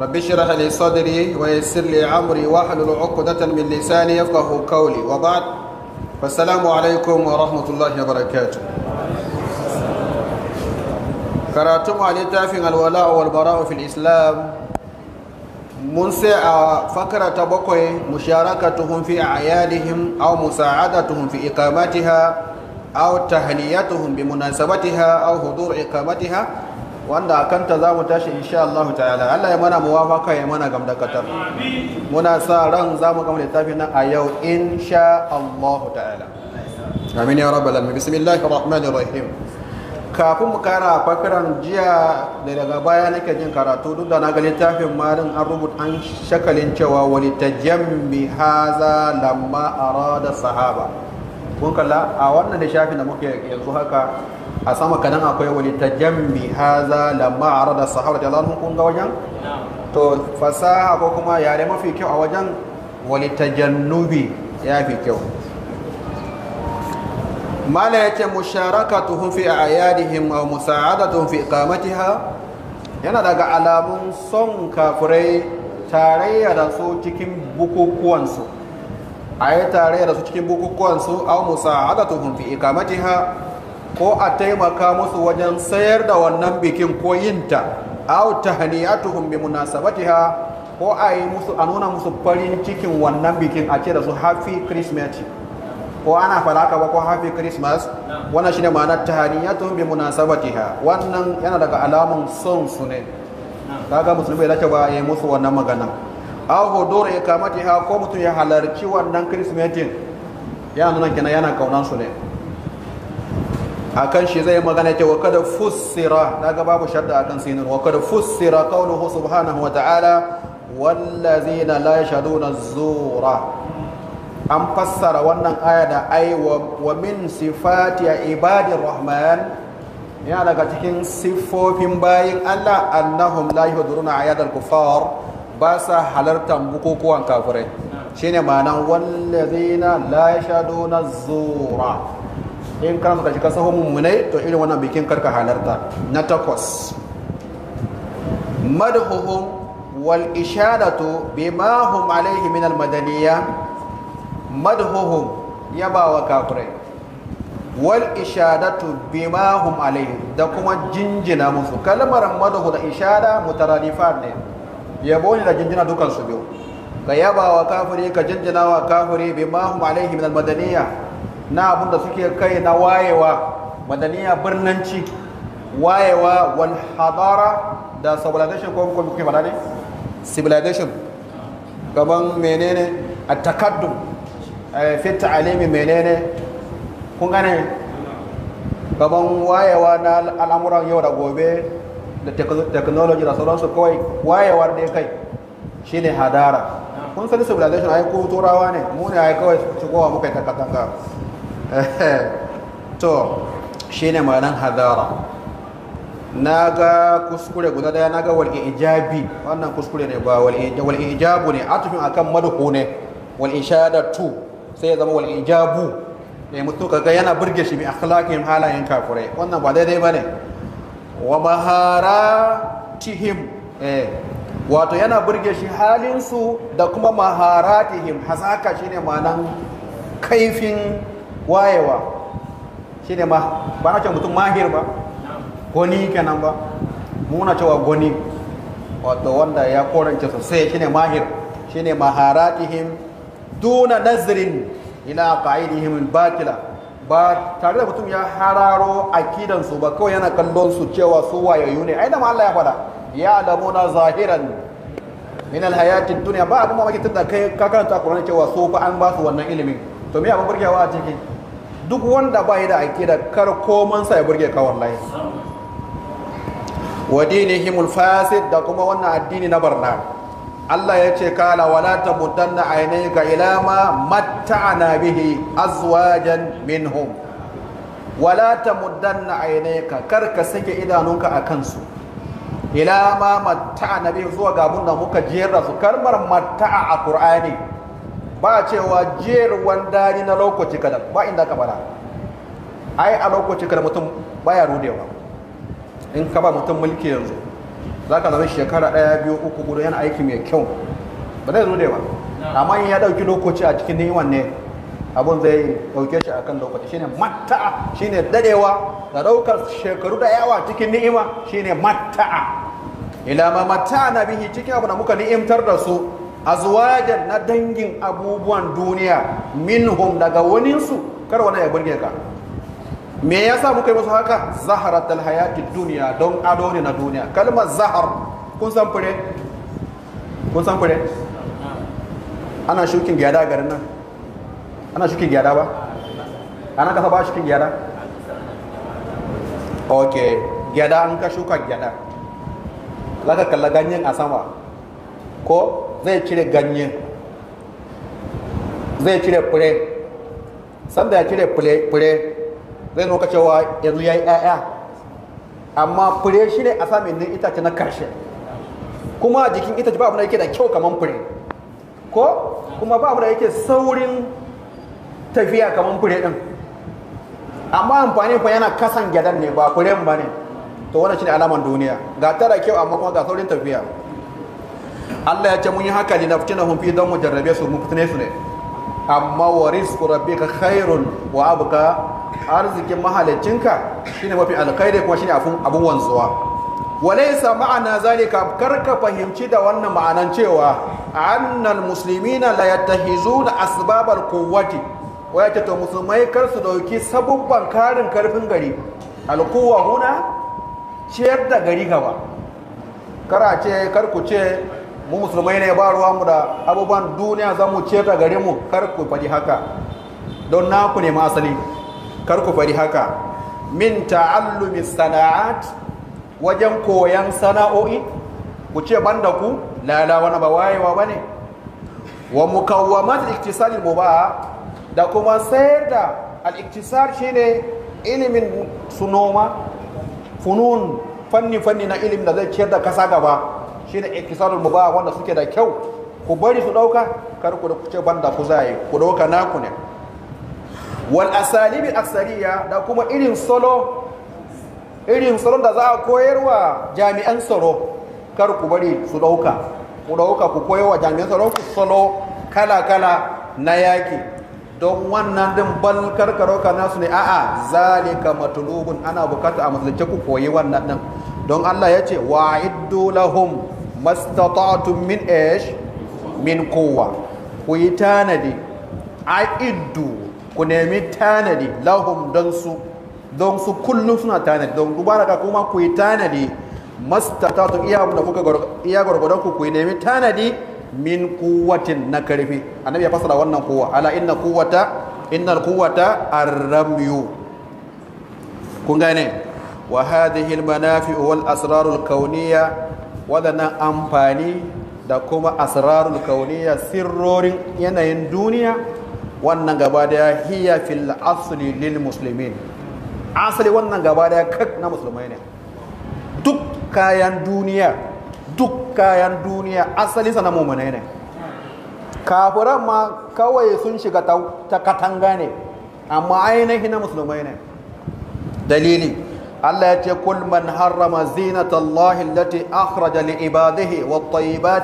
رب اشرح لي صدري ويسر لي عمري واحلل عقدة من لساني يفقه قولي وبعد فالسلام عليكم ورحمة الله وبركاته كراتم علي تافين الولاء والبراء في الإسلام منسع فكرة بقوي مشاركتهم في أعيادهم أو مساعدتهم في إقامتها أو تهنيتهم بمناسبتها أو حضور إقامتها wanda a kanta za mu tashi insha Allah ta'ala Allah ya mana muwafaka ya mana gamdakatar muna sa ran za mu gama littafi nan a yau insha Allah ta'ala amin ya rabbal alamin bismillahir rahmanir rahim kafin mu kara fakiran jiya da daga baya nake jin karatu duk da na ga littafin malin an rubuta an shakalin cewa wani tajammi haza lamma arada sahaba kun kalla a wannan da shafi da muke yanzu haka a sama kanan akwai wani tajammi haza lamma a rada sahara da lalun kun ga wajen to fasaha ko kuma yare mafi kyau a wajen wani jannubi ya fi kyau mala ya ce musharakatuhum fi ayadihim wa musa'adatuhum fi ha? yana daga alamun son kafirai tarayya da su cikin bukukuwansu a yi tarayya da su cikin bukukuwansu au musa'adatuhum fi ha? ko a taimaka musu wajen sayar da wannan bikin ko yinta aw tahniyatuhum bi munasabatiha ko a yi musu a nuna musu farin cikin wannan bikin a ce da su hafi christmas ko ana falaka ba ko hafi christmas wannan shine ma'anar tahniyatuhum bi munasabatiha wannan yana daga alamun son su ne kaga musulmi bai dace ba ya yi musu wannan magana aw hudur ikamatiha ko mutum ya halarci wannan christmas yana nuna kenan yana kaunan su ne akan shi zai magana ce wa kada fussira daga babu shadda akan sinin wa kada fussira qawluhu subhanahu wa ta'ala wallazina la yashaduna zura an fassara wannan aya da ai wa min sifati ibadir rahman ya daga cikin siffofin bayin Allah annahum la yahduruna ayadal kufar ba sa halartar bukukuwan kafirai shine ma'anan wallazina la yashaduna zura in ka suka shiga sahun mummunai to irin wannan bikin karka halarta na takwas madhuhum wal ishadatu bima hum alaihi min al madaniya madhuhum yabawa kafirai wal ishadatu bima hum alaihi da kuma jinjina musu kalmar madhu da ishada mutaradifat ne yabo ne da jinjina dukan su biyu ka yabawa kafiri ka jinjina wa kafiri bima hum alaihi min al madaniya na abin da suke kai na wayewa madaniya birnanci wayewa wal hadara da civilization ko kuma kuke faɗa ne civilization gaban menene a takaddum eh, fitta alimi menene kun gane gaban wayewa na al'amuran yau da gobe da technology da sauransu kawai wayewar da kai shine hadara kun sani civilization ai ko turawa ne mu ne ai kawai shigowa muka yi takaddun katanga Eh, to shi ne ma'anar hadara na ga kuskure guda daya na ga walƙin ijabi wannan kuskure ne ba walƙin ijabu ne atufin akan madhu ne wal'i shadatu sai ya zama walƙin ijabu ne mutum kaga yana burge shi mai akhlaqihim halayen kafirai wannan ba daidai bane wa maharatihim eh wato yana burge shi halinsu da kuma maharatihim hazaka shine ma'anar kaifin wayewa shi ne ma ba na ce mutum mahir ba goni kenan ba muna cewa goni wato wanda ya korance sosai shi ne mahir shi ne maharatihim duna nazirin ila qa'idihim bakila ba tare da mutum ya hararo su ba kawai yana kallon su cewa su wayayu ne aina da ma Allah ya faɗa ya alamuna zahiran min alhayatid dunya ba abin mamaki tunda kai ka karanta Qur'ani cewa su fa an ba su wannan ilimin to me abun burgewa a ciki duk wanda ba yi da da kar sa ya burge ka wallahi wa himul fasid da kuma wannan addini na barna Allah ya ce kala wala ainihi ga ila ma na bihi azwajan minhum wala tamudanna ka, kar ka sake idanunka a kansu ila ma na bihi zuwa ga da muka jera su karmar matta'a a Kur'ani. ba cewa wanda ni na lokaci kadan ba inda ka bala ai a lokaci kadan mutum baya rudewa in ka ba mutum mulki yanzu za ka zama shekara ɗaya biyu uku gudu yana aiki mai kyau ba zai rudewa. amma in ya ɗauki lokaci a cikin ni'imar ne abun zai ɗauke shi akan lokaci shine shi shine dadewa da ɗaukar shekaru da yawa cikin ni'ima shine matta'a ila ma matta'a na bihi cikin abu da muka ni'imtar da su azwajan na dangin abubuwan duniya minhum daga waninsu kar wani ya burge ka me yasa muka yi musu haka zaharatul hayatid duniya don ado ne na duniya kalmar zahar kun san fure kun san fure ana shukin gyada a garin nan ana shukin gyada ba ana kafa ba shukin gyada ok gyada an ka shuka gyada laka kalla ganyen a sama ko zai cire ganye, zai cire fure sanda ya cire fure zai zo cewa yanzu ya yi 'ya'ya amma fure shi ne a samun ne itace na karshe kuma jikin itace ba abu da yake da kyau kamar fure ko kuma ba abu da yake saurin tafiya kamar fure din amma amfani fa yana kasan gyadan ne ba furen ba ne to wannan shi ne alaman duniya ga tara kyau amma kuma ga saurin tafiya Allah ya ce mun yi haka ne na fitinahum fi dan mu jarrabe su mu fitine su ne amma wa rabbi ka khairun wa ka, arzikin mahalicinka shine mafi alkhairi kuma shine ne abun wanzuwa isa ma'ana ka karka fahimci da wannan ma'anan cewa annal muslimina la na asibabar quwwati waya ta to musulmai kar su dauki sabubban karin karfin gari alkuwa huna ciyar da gari gaba kara ce kar ku ce mu musulmai ne ba mu da abubuwan duniya za mu ce ta gare mu kar ku faɗi haka don naku ne asali kar ku faɗi haka min ta'allumi sana'at wajen koyan sana'o'i ku ce banda ku lala wani ba wayewa ba ne wa mukawwamat mu ba da kuma sayar da al-iktisar shine ilimin su noma funun fanni fanni na ilimin da zai ciyar da kasa gaba shine iktisarul ba wanda suke da kyau ku bari su dauka kar ku da ku ce banda ku zai ku dauka naku ne wal asalibi asariya da kuma irin salo irin solo da za a koyarwa jami'an tsaro kar ku bari su dauka ku dauka ku koyarwa jami'an tsaro ku salo kala kala na yaki don wannan din bal karkaro ka nasu ne a'a zalika matulubun ana bukata a musulunci ku koyi wannan din don Allah ya ce wa'iddu lahum mastata'tum min ash min kowa ku yi tanadi iddu ku nemi tanadi lahum don su don su kullum suna tanadi don dubara ka kuma ku yi tanadi mastata'tum iya da kuka iya gurgurdan ku ku nemi tanadi min kuwatin na karfi annabi ya fasara wannan kowa ala inna kuwata innal kuwata arramyu kun gane wa hadhihi al manafi wal asrar al waɗannan amfani da kuma asirarun kauniya sirrorin yanayin duniya wannan gaba daya hiya fil asli lil muslimin asali wannan gaba daya kak na musulmai ne duk kayan duniya duk kayan duniya asali sana mumunai ne kafiran ma kawai sun shiga ta katanga ne amma ainihin na musulmai ne dalili Allah ya ce kul man harrama zinatallahi Allah allati akhraja li ibadihi wat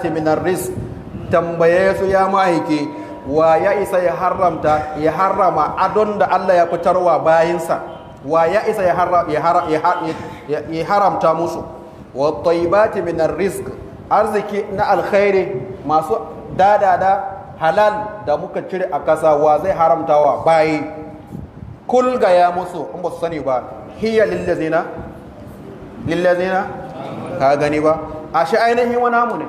min ar tambaye su ya mahiki wa ya isa ya haramta ya harama adon da Allah ya fitarwa bayinsa wa ya isa ya haramta musu wa tayyibati min ar arziki na alkhairi masu dadada halal da muka cire a kasa wa zai haramtawa bayi kul ga ya musu in ba su sani ba hiya lillazina lillazina ka gani ba a shi ainihin wani namu ne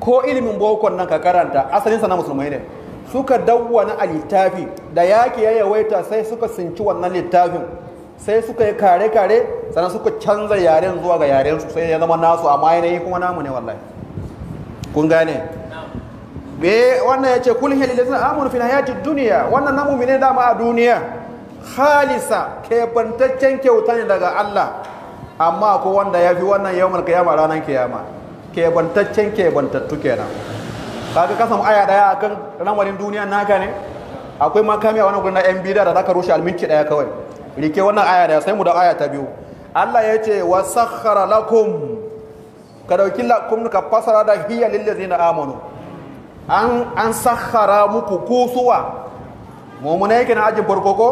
ko ilimin boko nan ka karanta asalinsa na musulmai ne suka dawwana a littafi da yaki ya yawaita sai suka sinci wannan littafin sai suka yi kare-kare sannan suka canza yaren zuwa ga yaren su sai ya zama nasu amma yi kuma namu ne wallahi kun gane be wannan ya ce kulhin lillahi amanu fil hayatid duniya wannan namu ne dama a duniya Halisa kebantaccen kyauta ne daga Allah amma ko wanda ya fi wannan yawon kiyama ranar kiyama kebantaccen kebantattu kenan kaga kasan aya daya akan lamarin duniya naka ne akwai makami a wani gurin na yan bida da zaka rushe alminci daya kawai rike wannan aya daya sai mu da aya ta biyu Allah ya ce wa sakhara lakum ka dauki lakum ka fasara da hiya lil ladzina amanu an an sakhara muku kusuwa mu'mina yake na ajin farko ko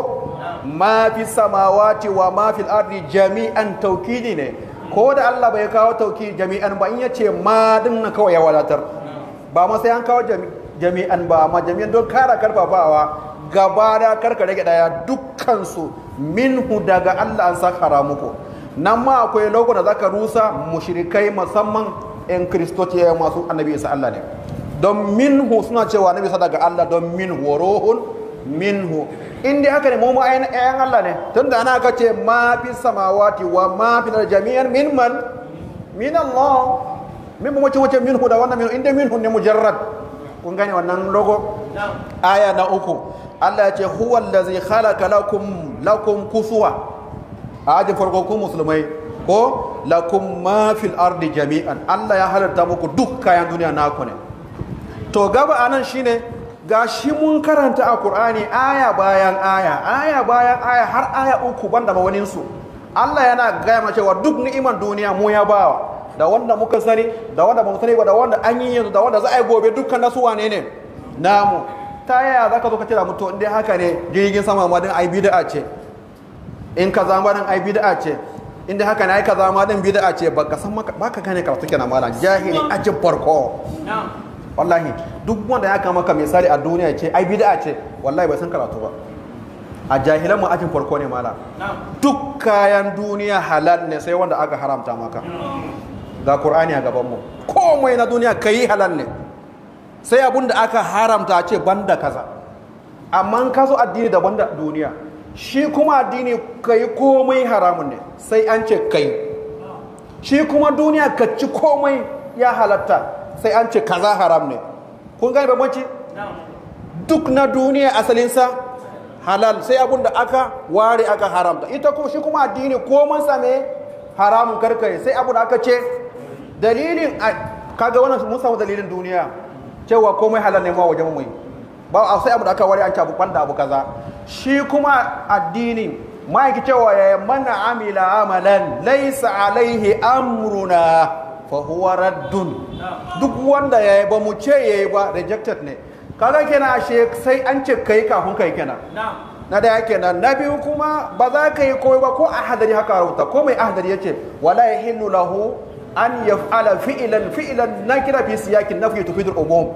ma fi samawati wa ma fi ardi jami'an ne ko da Allah bai kawo tauki jami'an ba in ya ce ma din na kawai ya wadatar ba ma sai an kawo jami'an ba ma jami'an don kara karfafawa gaba da karka rage daya dukkansu minhu daga Allah an sakara muku nan ma akwai lokacin da zaka rusa mushrikai musamman yan kristoci masu annabi isa Allah ne don minhu suna cewa annabi isa daga Allah don min warohun minhu in haka ne mu mu ayan Allah ne tunda ana ka ce ma fi samawati wa ma fi jami'an min man min Allah min mu ce wace minhu da wannan minhu in minhu ne mujarrad kun gane wannan logo aya na uku Allah ya ce huwa allazi khalaqa lakum lakum kusuwa a ajin farko ku musulmai ko lakum ma fil ardi jami'an Allah ya halarta muku duk kayan duniya ku ne to gaba anan shine gashi mun karanta a ƙur'ani aya bayan aya aya bayan aya har aya uku banda mawaninsu Allah yana gaya mana cewa duk ni'imar duniya mu ya bawa da wanda muka sani da wanda bamu sani ba da wanda an yi yanzu da wanda za a yi gobe dukkan nasu wane ne namu ta yaya za ka zo ka da mutu inda haka ne jirgin sama ma din ai bid'a ce in ka zama din ai bid'a ce in haka ne ai ka zama din bid'a ce ka san ka gane karatu kenan malam jahili ajin farko na'am wallahi duk wanda ya kama ka misali a duniya ce ai bid'a ce wallahi bai san karatu ba a jahilan mu ajin farko ne mala duk kayan duniya halal ne sai wanda aka haramta maka ga qur'ani a gaban mu komai na duniya kai halal ne sai abun da aka haramta ce banda kaza amma ka zo addini da da duniya shi kuma addini kai komai haramun ne sai an ce kai shi kuma duniya ka ci komai ya halatta sai an ce kaza haram ne kun gane bambanci duk na duniya asalinsa halal sai abun da aka ware aka haramta ita ko shi kuma addini ko mun same haramun karkare sai abun da aka ce dalilin kaga wannan mun samu dalilin duniya cewa komai halal ne ma wajen mu ba a sai abun da aka ware an cabu da abu kaza shi kuma addini ma yake cewa ya mana amila amalan laysa alaihi amruna fahuwa raddun duk wanda ya yi ba mu ce ya yayi ba rejected ne kaga kenan ashe sai an ce kai kafin kai kenan na daya kenan na biyu kuma ba za ka yi koyi ba ko a hadari haka rahuta ko mai ahadari ce. wala hinnu lahu an fi'ilan fi'ilan na kira fi siyakin na tufidu al-umum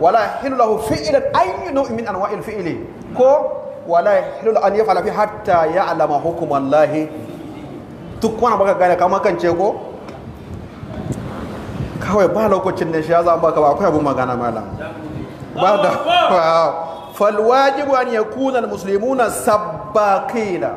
wala hinnu lahu fi'lan ayyu naw'in min anwa'il fi'ili ko wala yahillu an yaf'ala fi hatta ya'lama hukmallahi duk wani baka gane kamar kan ce ko kawai ba lokacin da shi ya zama baka ba akwai abin magana malam ba da falwajibu an yakuna almuslimuna sabbaqina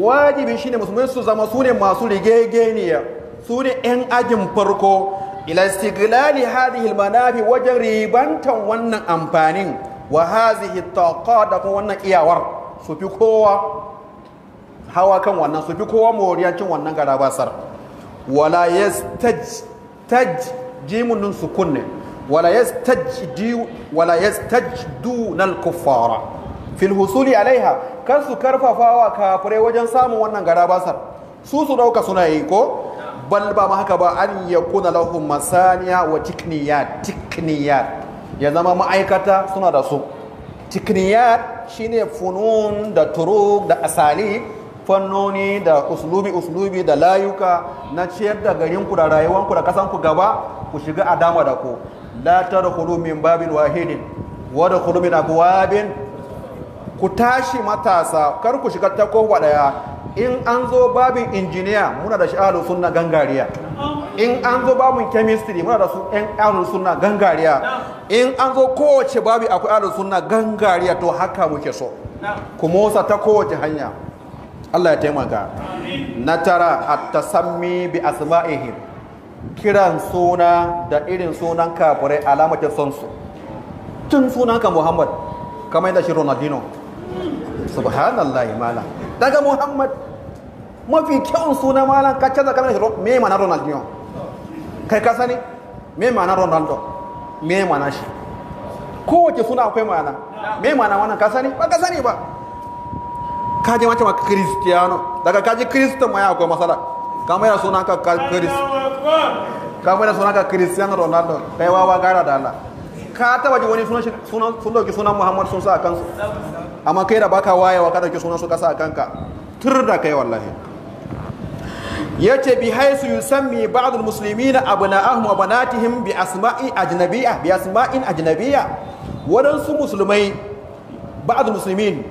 wajibi shine musulmai su zama su ne masu rigegeniya ne yan ajin farko ila istiglali hadhihi almanafi wajen ribantan wannan amfanin wa hadhihi taqat da kuma wannan iyawar su fi kowa hawa kan wannan su fi kowa moriyancin wannan garabasar wala yastaj taj jimun nun sukun ne wala yastajdu wala yastajduna al-kuffara fil husuli alaiha kar su karfafawa kafirai wajen samun wannan garabasar su su dauka suna yi ko bal ba ma haka ba an yakuna lahum masaniya wa tikniya ya zama ma'aikata suna da su tikniya shine funun da turuk da asali fannoni da uslubi uslubi da layuka na ciyar da garinku da rayuwanku da kasanku gaba ku shiga a dama da ku la tadkhulu min babin wahidin wa dakhulu min abwabin ku tashi matasa kar ku shiga ta kowa daya in an zo babin injiniya muna da sha'alu sunna gangariya in an zo babin chemistry muna da su ɗan alu sunna gangariya in an zo kowace babi akwai alu sunna gangariya to haka muke so ku motsa ta kowace hanya Allah ya taimaka na tara ta tasammi bi asma'ihim kiran suna da irin sunan kafirai alamatin son su tun sunanka Muhammad kamar yadda shi Ronaldinho subhanallah malam daga Muhammad mafi kyawun suna malam ka canza kamar shi me ma'anar Ronaldinho kai ka sani me ma'anar Ronaldo me ma'anar shi kowace suna akwai ma'ana me ma'ana wannan ka sani ba ka sani ba Kaji je mace ma daga kaji kristo mai akwai matsala ka mai da suna ka krist ka mai da suna ka cristiano ronaldo kai wawa gara da Allah ka taba ji wani sun dauki sunan muhammad sun sa a su. amma kai da baka wayewa ka dauki sunan su kasa a kanka tur da kai wallahi ya ce bi haisu yusammi ba'dul muslimina abna'ahum wa banatihim bi asma'i ajnabiyya bi asma'in ajnabiyya wadansu musulmai ba'dul muslimin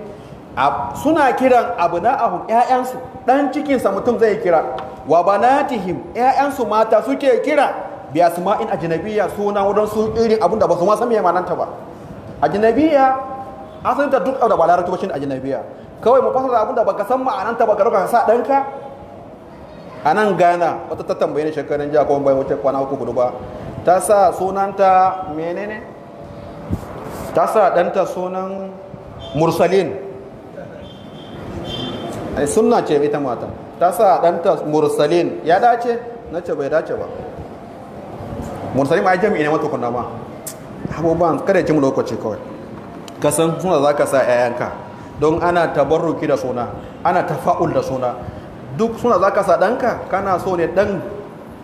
suna kiran abu na ahun ‘ya'yansu ɗan cikinsa mutum zai kira wa banatihim ‘ya'yansu mata suke kira biya su ma'in ajinabiya suna wurin su irin abin da ba su masu mai mananta ba ajinabiya asalin ta duk da ba a ajinabiya kawai mu fasara abin da baka san ma'ananta ba ka ka sa ɗanka a nan gana wata ta tambaye shekarun jiya kuma bai wuce kwana uku ba ta sa sunanta menene ta sa ɗanta sunan mursalin ai sunna ce ita mata ta sa ɗanta mursalin ya dace na ce bai dace ba mursalin ma ya jami'i ne mata kunna ma abubuwan kada ya ci mu lokaci kawai ka san suna za ka sa 'ya'yanka don ana tabarruki da suna ana tafa'ul da suna duk suna za ka sa ɗanka kana so ne ɗan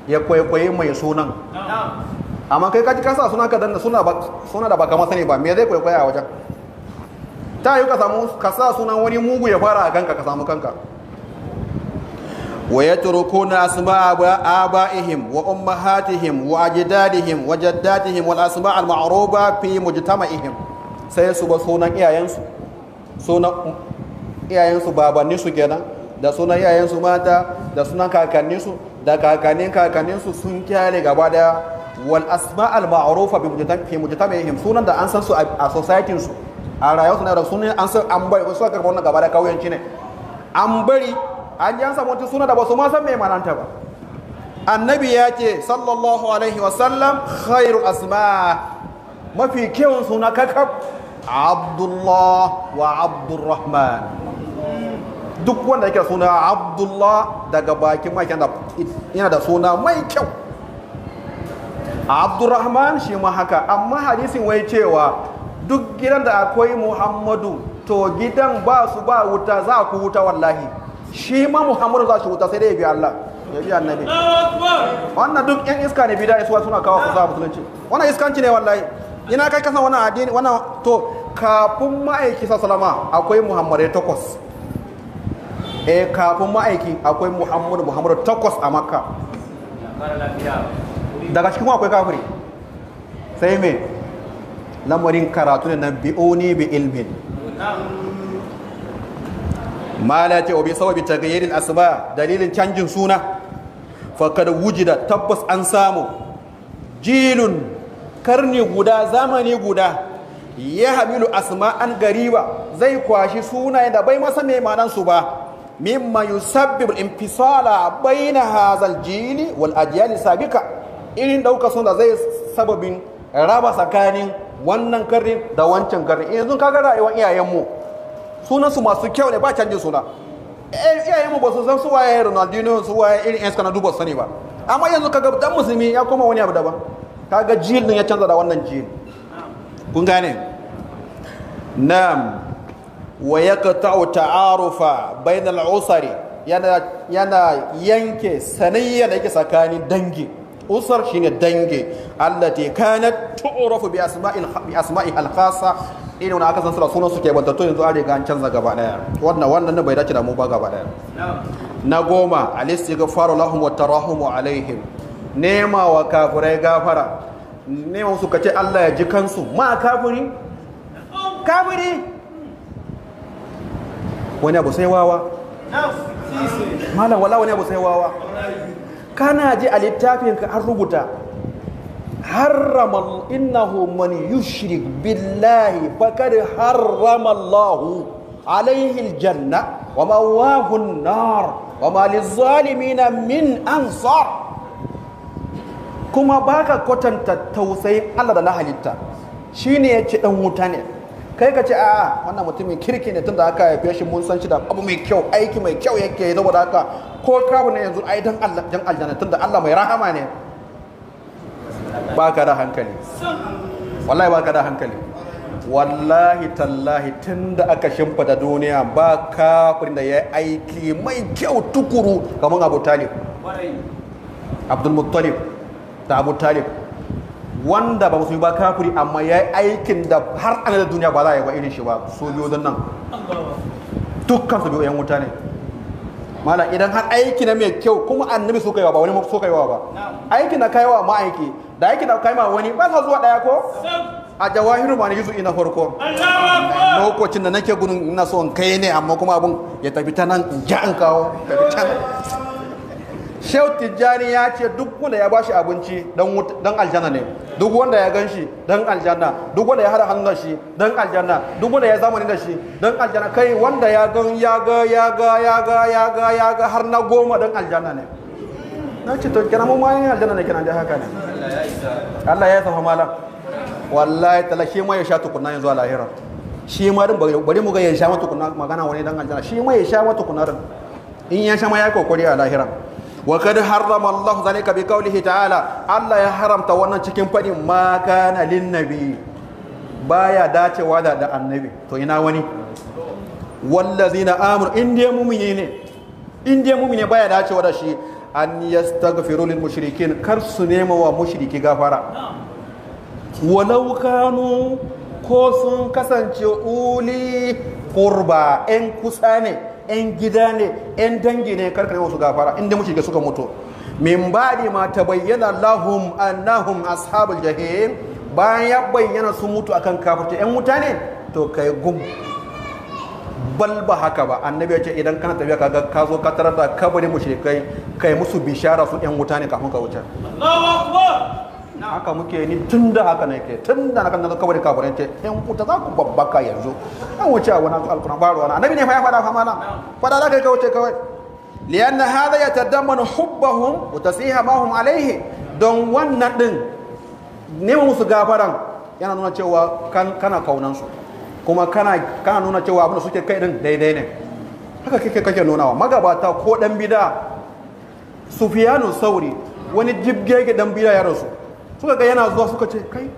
ya kwaikwayi mai sunan amma kai kaji ka sa suna ka danna suna da baka masani ba me zai kwaikwaya a wajen ta yi ka sa sunan wani mugu ya fara a kanka ka samu kanka wa yatrukuna asma'a aba'ihim wa ummahatihim wa ajdadihim wa jaddatihim wal asma' al ma'ruba fi mujtama'ihim sai su ba sunan iyayensu sunan iyayensu babanninsu kenan da sunan iyayensu mata da sunan su da kakannin kakannin su sun kyale gaba daya wal asma al ma'rufa bi mujtama'ihim sunan da an san su a society su a rayuwarsu na da sunan an san an bari wasu karɓar wannan gaba da kauyanci ne an bari an yi an samu wata suna da ba su ma san mai mananta ba annabi ya ce sallallahu alaihi wasallam khairu asma mafi kyawun suna kakab abdullah wa abdurrahman duk wanda yake suna abdullah daga bakin mai yana da suna mai kyau abdurrahman shi ma haka amma hadisin wai cewa duk gidan da akwai muhammadu to gidan ba su ba wuta za ku wuta wallahi shi ma muhammadu za su wuta sai dai ya bi allah ya bi annabi wannan duk yan iska ne bidai suwa suna kawo fasaha musulunci wannan iskanci ne wallahi ina kai kasan wannan addini wannan to kafin ma'aiki salama akwai muhammadu takwas eh kafin ma'aiki akwai muhammadu muhammadu takwas a makka daga cikin akwai kafiri sai me lamarin karatu ne nan bi'uni bi ilmin mala ce obi sababi tagayyarin asuba dalilin canjin suna fakar da tabbas an samu jilun karni guda zamani guda ya hamilu asma an gariba zai kwashi sunayen da bai masa mai manansu ba mimma yusabbibu infisala baina hazal jili wal ajyali sabika irin dauka suna zai sababin raba tsakanin wannan garin da wancan garin yanzu kaga rayuwar iyayenmu sunan su masu kyau ne ba canjin suna eh, iyayenmu ba su san su waye Ronaldinho su waye irin yan kana duba sani ba amma yanzu kaga dan musulmi ya koma wani abu daban kaga jil din ya canza da wannan jil kun gane nam wa yaqta'u ta'arufa bainal usari yana yana yanke sanayya da yake tsakanin dangin usar shine dange allati kanat tu'rafu bi asma'il bi asma'i al-khassa irin wani aka san sura sunan su ke to yanzu an riga an canza gaba daya wannan wannan bai dace da mu ba gaba daya na goma al-istighfaru lahum wa tarahum alaihim nema wa kafirai gafara nema su kace Allah ya ji kansu ma kafiri kafiri wani abu sai wawa malam wala wani abu sai wawa kana ji a littafin ka an rubuta harrama innahu man yushrik billahi faqad harrama alaihi aljanna wa mawahu an-nar wa ma na min ansar kuma baka kwatanta tausayin Allah da na halitta shine yace dan wuta ne kai ka ce a wannan mutumin kirki ne tunda aka haife shi mun san shi da abu mai kyau aiki mai kyau yake yi saboda haka ko kawo ne yanzu ai dan Allah dan aljanna tunda Allah mai rahama ne baka da hankali wallahi baka da hankali wallahi tallahi tunda aka da duniya ba kafirin da ya aiki mai kyau tukuru kamar Abu Talib Abdul Muttalib da Abu Talib wanda ba musulmi ba kafiri amma ya yi aikin da har an da duniya ba za a yi ba irin shi ba sojojin nan dukkan su biyu yan wuta ne mala idan har aiki na mai kyau kuma annabi so kaiwa ba wani so kaiwa ba aiki na kaiwa ma aiki da aiki na kaiwa wani ba sa zuwa daya ko a jawahiru ma ne yuzu ina farko lokacin da nake gudun ina so in kai ne amma kuma abun ya tafi ta nan in ja an kawo tafi can shehu tijjani ya ce duk wanda ya bashi abinci dan aljanna ne duk wanda ya gan shi dan aljanna duk wanda ya hada hannun shi dan aljanna duk wanda ya zamani da shi dan aljanna kai wanda ya gan ya ga ya ga ya ga ya ga ya ga har na goma dan aljanna ne na ce to kira mu ma yin aljanna ne kina da haka ne Allah ya yi tafa malam wallahi talashi ma ya sha tukunna yanzu a lahira shi ma din bari mu ga ya sha mata tukunna magana wani dan aljanna shi ma ya sha mata din in ya sha ma ya kokori a lahira wa kad harrama Allah zalika bi qawlihi ta'ala Allah ya haramta wannan cikin fadin ma kana lin nabi baya dacewa da da annabi to ina wani wallazina amanu in mu'mini ne in mu'mini baya dacewa da shi an yastaghfiru lil mushrikin kar su nema wa mushriki gafara walau kanu ko sun kasance uli qurba en kusa ne 'yan gida ne 'yan dangi ne karka yi wasu gafara inda mu shiga suka mutu min ba'di ma ta bayyana lahum annahum ashabul jahim bayan ya bayyana sun mutu akan kafirci 'yan wuta ne to kai gum bal haka ba annabi ya ce idan kana tafiya kaga ka zo ka tarar da kabarin mushrikai kai musu bishara su 'yan wuta ne kafin ka wuce haka muke ni tun da haka ne ke tun da na kan nazo kawai kafirai ce in za ku babbaka yanzu an wuce wani alkuran ba wani annabi ne fa ya fada fa mana fada za kai wuce kawai lianna hadha yatadammanu hubbahum wa tasiha ma hum alaihi don wannan din neman musu gafaran yana nuna cewa kana kaunan su kuma kana kana nuna cewa abin da suke kai din daidai ne haka kike kake nunawa magabata ko dan bida sufiyanu sauri wani jibgege dan bida ya rasu suka ga yana zuwa suka ce kai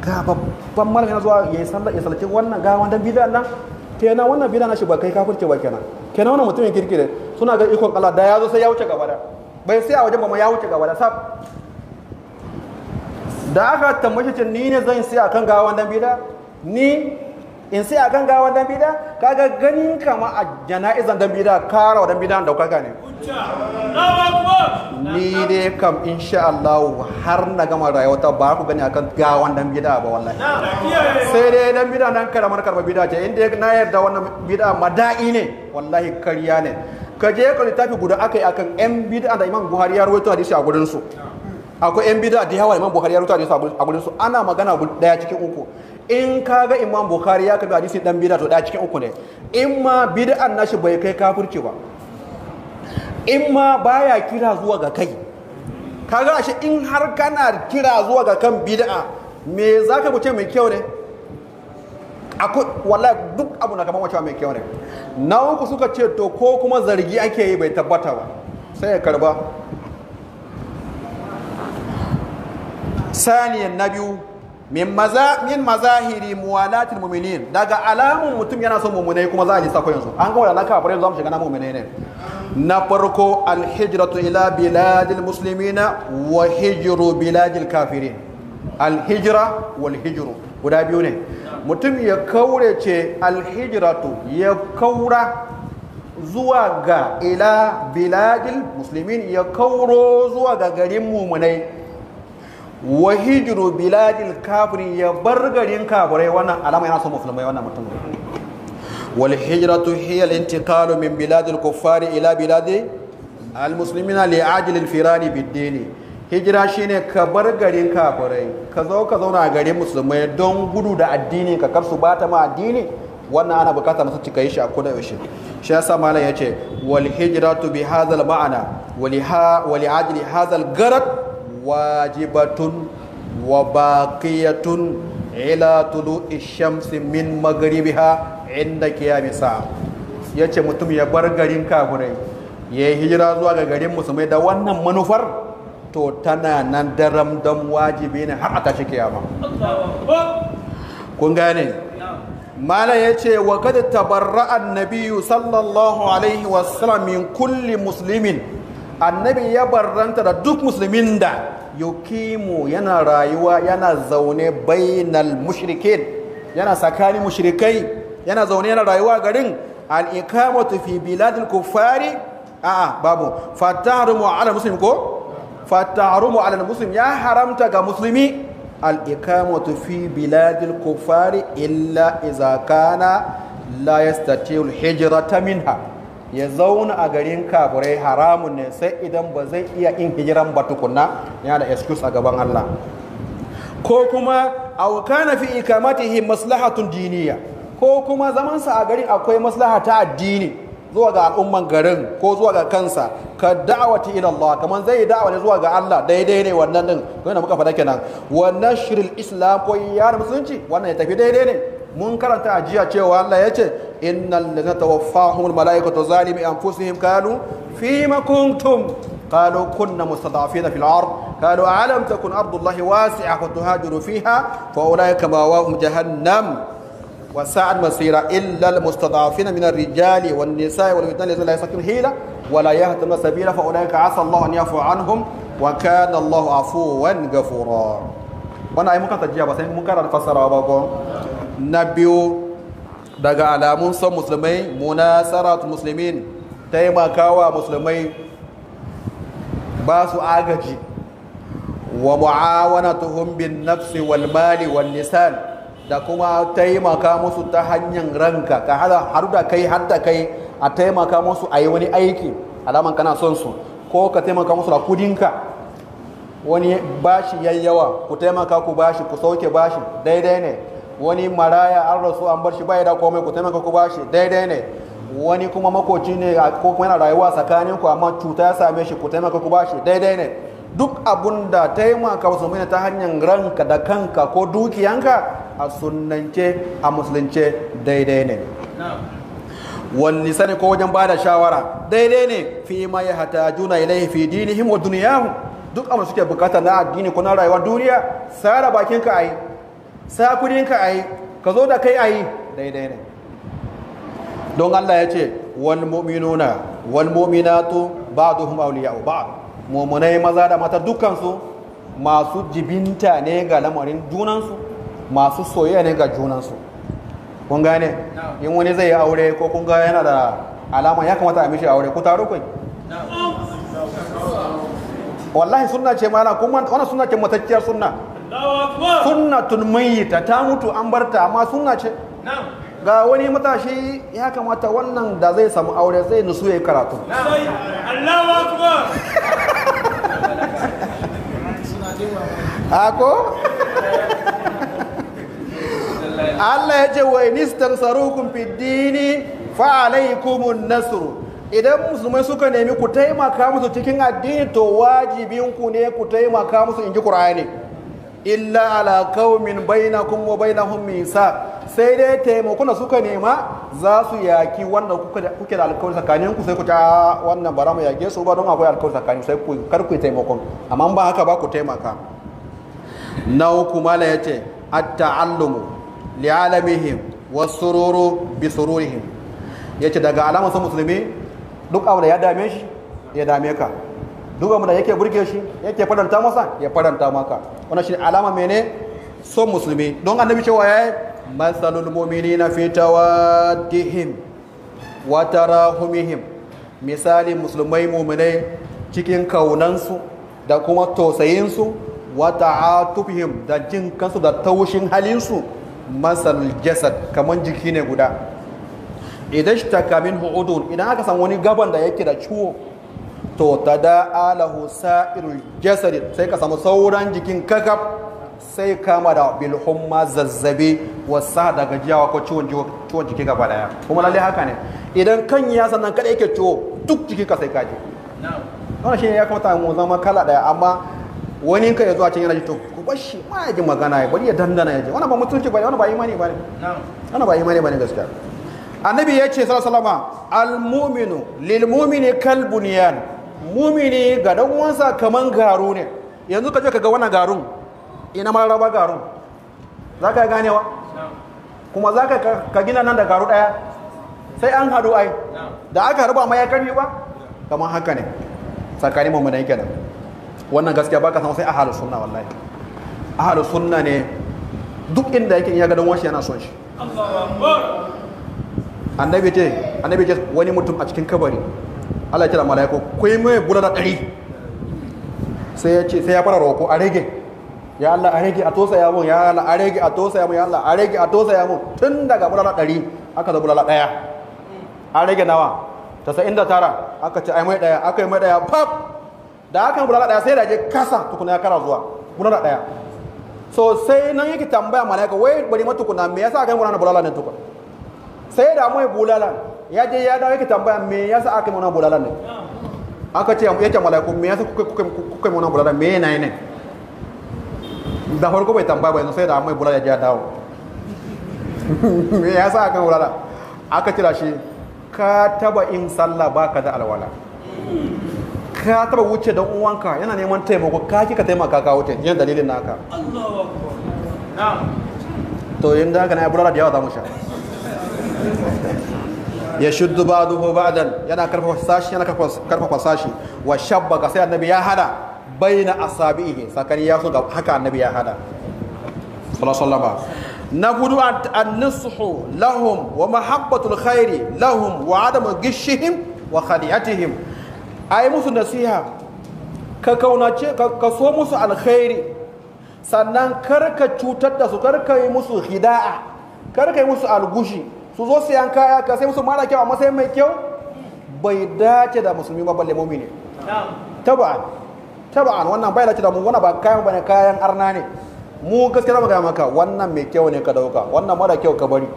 ga babban malam yana zuwa ya sallar ya sallace wannan ga wannan bid'a nan kenan wannan bid'a na shi ba kai kafirce ba kenan kenan wannan mutumin kirkire suna ga ikon Allah da ya zo sai ya wuce gaba da bai sai a wajen ba ma ya wuce gaba da sab da aka tambaye shi ni ne zan sai akan ga wannan bid'a ni in sai a gangawa dan bida kaga ganin kama a jana'izan dan bida kara wa dan bida daukaka ne ni dai kam insha Allah har na gama rayuwa ta ba ku gani akan gawan dan bida ba wallahi sai dai dan bida nan karamar karba bida ce inda na yarda wannan bida mada'i ne wallahi karya ne ka je ka littafi guda akai akan yan bida da Imam Buhari ya rawaito hadisi a gurin su akwai yan bida da yawa Imam Buhari ya rawaito hadisi a gurin su ana magana daya cikin uku in ka ga imam bukhari ya kabi hadisi dan bida to da cikin uku ne in ma bid'an nashi bai kai kafirci ba in ma baya kira zuwa ga kai Ka kaga shi in har kana kira zuwa ga kan bid'a me za ka buce mai kyau ne Wala duk abu na kamar wacewa mai kyau ne na uku suka ce to ko kuma zargi ake yi bai tabbata ba sai ya karba saniyan na biyu min maza min mazahiri muwalatil mu'minin daga alamun mutum yana son mu'minai kuma za a yi yanzu an ga wannan kafirai yanzu za mu shiga na mu'minai ne na farko alhijratu ila biladil muslimina wa hijru biladil kafirin alhijra wal hijru guda biyu ne mutum ya kaure ce alhijratu ya kaura zuwa ga ila biladil muslimin ya kauro zuwa ga garin mu'minai wa hijru biladil kafirin ya bar garin kafirai wannan alama yana son musulmai wannan mutum wal hijratu hiya al intiqalu min biladil kuffari ila biladi al muslimina li ajli al firari bid dini hijira shine ka bar garin kafirai ka zo ka zauna a garin musulmai don gudu da addini ka kar su bata ma addini wannan ana bukata masu cika yi shi a kuda yaushe shi yasa malam yace wal hijratu bi hadzal ma'ana wa li ha wa li ajli hadzal garad wajibatun wa baqiyatun ila tulu ishamsi min magribiha inda qiyami Ya ce mutum ya bar garin kafirai ya yi hijira zuwa ga garin musulmai da wannan manufar to tana nan daram don wajibi ne har a tashi kiyama kun gane mala ya ce wa kada tabarra nabiyu sallallahu alaihi wasallam min kulli muslimin annabi ya barranta da duk musulmin da yukimu yana rayuwa yana zaune bainal mushrikin yana tsakanin mushrikai yana zaune yana rayuwa garin al-ikamatu fi biladil kuffari a babu fatarumu ala muslim ko fatarumu ala muslim ya haramta ga musulmi al-ikamatu fi biladin kuffari illa idza kana la yastati'u al-hijrata minha ya zauna a garin kafirai haramun ne sai idan ba zai iya in hijiran ba tukunna yana da excuse a gaban Allah ko kuma aw fi ikamatihi maslahatun diniya ko kuma zamansa a garin akwai maslaha ta addini zuwa ga al'umman garin ko zuwa ga kansa ka da'awati ila Allah kamar zai da'awa ne zuwa ga Allah daidai ne wannan din ko ina muka faɗa kenan wannan islam ko yar musulunci wannan ya tafi daidai ne mun karanta ajiya cewa Allah ya ce إن الذين توفاهم الملائكة ظالم أنفسهم قالوا فيما كنتم قالوا كنا مستضعفين في الأرض قالوا ألم تكن أرض الله واسعة وتهاجروا فيها فأولئك مأواهم جهنم وساء المصير إلا المستضعفين من الرجال والنساء والولدان الذين لا يستطيعون حيلة ولا يهتم سبيلا فأولئك عسى الله أن يعفو عنهم وكان الله عفوا غفورا وأنا أي ممكن تجيب بس ممكن أفسرها بابا نبيو daga alamun son musulmai munasarat muslimin taimakawa musulmai ba su agaji wa mu'awanatuhum bin nafsi wal mali wal nisan da kuma taimaka musu ta hanyar ranka ka hada har da kai har da kai a taimaka musu a yi wani aiki alaman kana son su ko ka taimaka musu da kudinka wani bashi yayyawa ku taimaka ku bashi ku sauke bashi daidai ne wani maraya an rasu an bar shi ya da komai ku taimaka ku bashi daidai ne wani kuma makoci ne ko kuma yana rayuwa tsakanin ku amma cuta ya same shi ku taimaka ku bashi daidai ne duk abun da taimaka wasu mai ta hanyar ranka da kanka ko dukiyanka a sunnance a musulunce daidai ne wani sani ko wajen bada shawara daidai ne fi ma ya hata juna ilai fi dinihim wa duniyahu duk abin suke bukata na addini ko na rayuwar duniya sara bakinka a yi sa kudinka a yi ka zo da kai a yi daidai ne don Allah ya ce wal mu'minuna wal mu'minatu ba'duhum awliya'u ba'd mu'minai maza da mata dukansu masu jibinta ne ga lamarin junansu masu soyayya ne ga junansu kun gane in wani zai yi aure ko kun ga yana da alama ya kamata a mishi aure ku taro kai wallahi sunna ce mana kuma wannan sunna ce matacciyar sunna tun mayyita ta mutu an barta amma sunna ce ga wani matashi ya kamata wannan da zai samu aure zai nusu ya yi karatu ako ah, Allah ya ce wa inistan fi fiddini fa alaikumun idan musulmai suka nemi ku taimaka musu cikin addini to wajibinku ne ku taimaka musu in ji ƙur'ani illa ala kaumin kun wa hun misa sai dai taimakon da suka nema za su yaki wanda kuke da alkawari tsakanin ku sai ku ta wannan bara mu yage su ba don akwai alkawari tsakanin sai ku kar ku taimako. amma ba haka ba ku taimaka na uku mala yace at-ta'allumu li alamihim was-sururu bi sururihim yace daga alamar musulmi duk abu da ya dame shi ya dame ka duka mu da yake burge shi yake faranta masa ya faranta maka wannan shi alama mene son musulmi don annabi cewa ya yi masalul mu'minina fi tawaddihim wa tarahumihim misali musulmai mu'minai cikin kaunansu da kuma tausayinsu wa ta'atufihim da jin kansu da taushin halinsu masalul jasad kaman jiki ne guda idan shi takamin hu'udun idan aka san wani gaban da yake da ciwo to ta da'alahu sa'irul jasadi sai ka samu sauran jikin kakaf sai kama da bilhumma zazzabe wasa da gajiyawa ko ciwon jiki gaba daya kuma lalle haka ne idan kan ya sannan kada yake ciwo duk jiki ka sai kaji wannan ne ya kamata mu zama kala daya amma wani ka ya zuwa can yana ji to ku bashi ma ya ji magana ya bari ya dandana ya ji wannan ba mutunci ba ne wannan ba imani ba ne wannan ba imani ba ne gaskiya annabi ya ce sallallahu alaihi wasallam al-mu'minu lil mu'mini kal bunyan mumini ga dan uwansa kaman garu ne yanzu ka je ka ga wannan garun ina ma raba garun za ka ganewa kuma za ka gina nan da garu daya sai an hadu ai da aka harba ma ya karfi ba kaman haka ne tsakanin mu ne kenan wannan gaskiya baka san sai ahlus sunna wallahi ahlus sunna ne duk inda yake iya ya ga dan washi yana son shi Allahu akbar annabi ce annabi ce wani mutum a cikin kabari Allah ya kira malaiku kai mai gura da ɗari sai ya ce sai ya fara roƙo a rage ya Allah a rage a tosa ya mun ya Allah a rage a tosa ya mun ya Allah a rage a tosa ya mun tun daga bulala ɗari aka zo bulala ɗaya a rage nawa tasa'in da tara aka ce ai mai ɗaya aka yi mai ɗaya fab da aka bulala ɗaya sai da je kasa tukuna ya kara zuwa bulala ɗaya so sai nan yake tambaya malaika wai bari matukuna me yasa aka yi bulala bulala ne tukuna sai da mai bulala ya je ya dawo yake tambaya me yasa aka mana bulala ne aka ce ce malaiku me yasa kuka kuka kuka mana bulala me yana yana da farko bai tambaya ba sai da mai bulala ya dawo me yasa aka bulala aka kira shi ka taba in sallah baka da alwala ka taba wuce da uwanka yana neman taimako ka kika taimaka ka wuce yin dalilin naka Allahu to yin da haka na bulala da yawa za mu sha ya shuddu ba ba'dan yana karfafa sashi yana karfafa sashi wa shabbaka sai annabi ya hada baina asabihi sakari ya so haka annabi ya hada sallallahu na hudu an-nusuhu lahum wa mahabbatul khairi lahum wa adamu gishihim wa khadi'atihim ai musu nasiha ka kaunace ka so musu alkhairi sannan karka cutar da su karka yi musu hida'a karka yi musu algushi su zo siyan kaya ka sai musu mara kyau a matsayin mai kyau bai dace da musulmi ba balle ne. taba'an taba'an wannan bai dace da mu wannan ba kayan bane kayan arna ne mu gaskiya mu ga maka wannan mai kyau ne ka dauka wannan mara kyau ka bari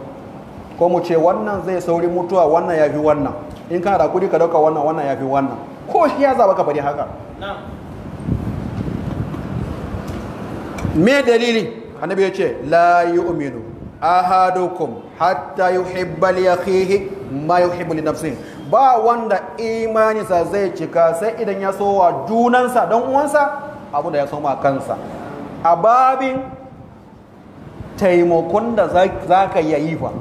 ko mu ce wannan zai sauri mutuwa wannan ya fi wannan in kana da kuɗi ka dauka wannan wannan ya fi wannan ko shi ya zaba ka bari haka me dalili annabi ya ce la yu'minu ahadukum hatta yuhibba li akhihi ma yuhibbu li nafsihi ba wanda sa zai cika sai idan ya sowa junansa dan uwansa abu da ya soma kansa a babin taimakon da za ka yi fa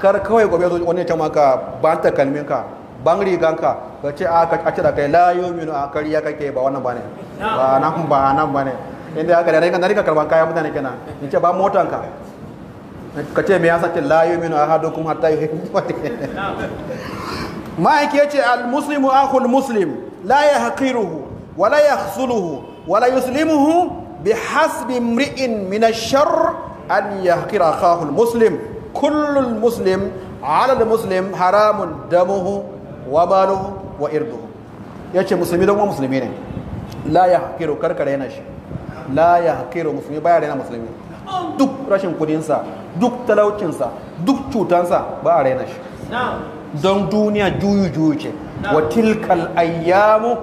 kar kawai gobe zo wani ta maka ban takalmin ka ban riganka ka ce a ce da kai la yuminu a kariya kake ba wannan bane ba nan ba nan bane inda ka da rika karban kaya mutane kenan in ce ba motanka ka ce me yasa ce la yu'minu ahadukum hatta yuhibbu ma'aiki yace al muslimu akhul muslim la yahqiruhu wa la yakhsuluhu wa la yuslimuhu bihasbi imri'in min ash-sharr an ya akahu al muslim kullu al muslim ala al muslim haramun damuhu wa maluhu wa irduhu yace musulmi don musulmi ne la yahqiru karkare yana shi la ya yahqiru musulmi baya rena musulmi duk rashin kudinsa duk talaucinsa duk cutansa ba a raina shi don duniya juyu juyu ce wa tilkal ayyamu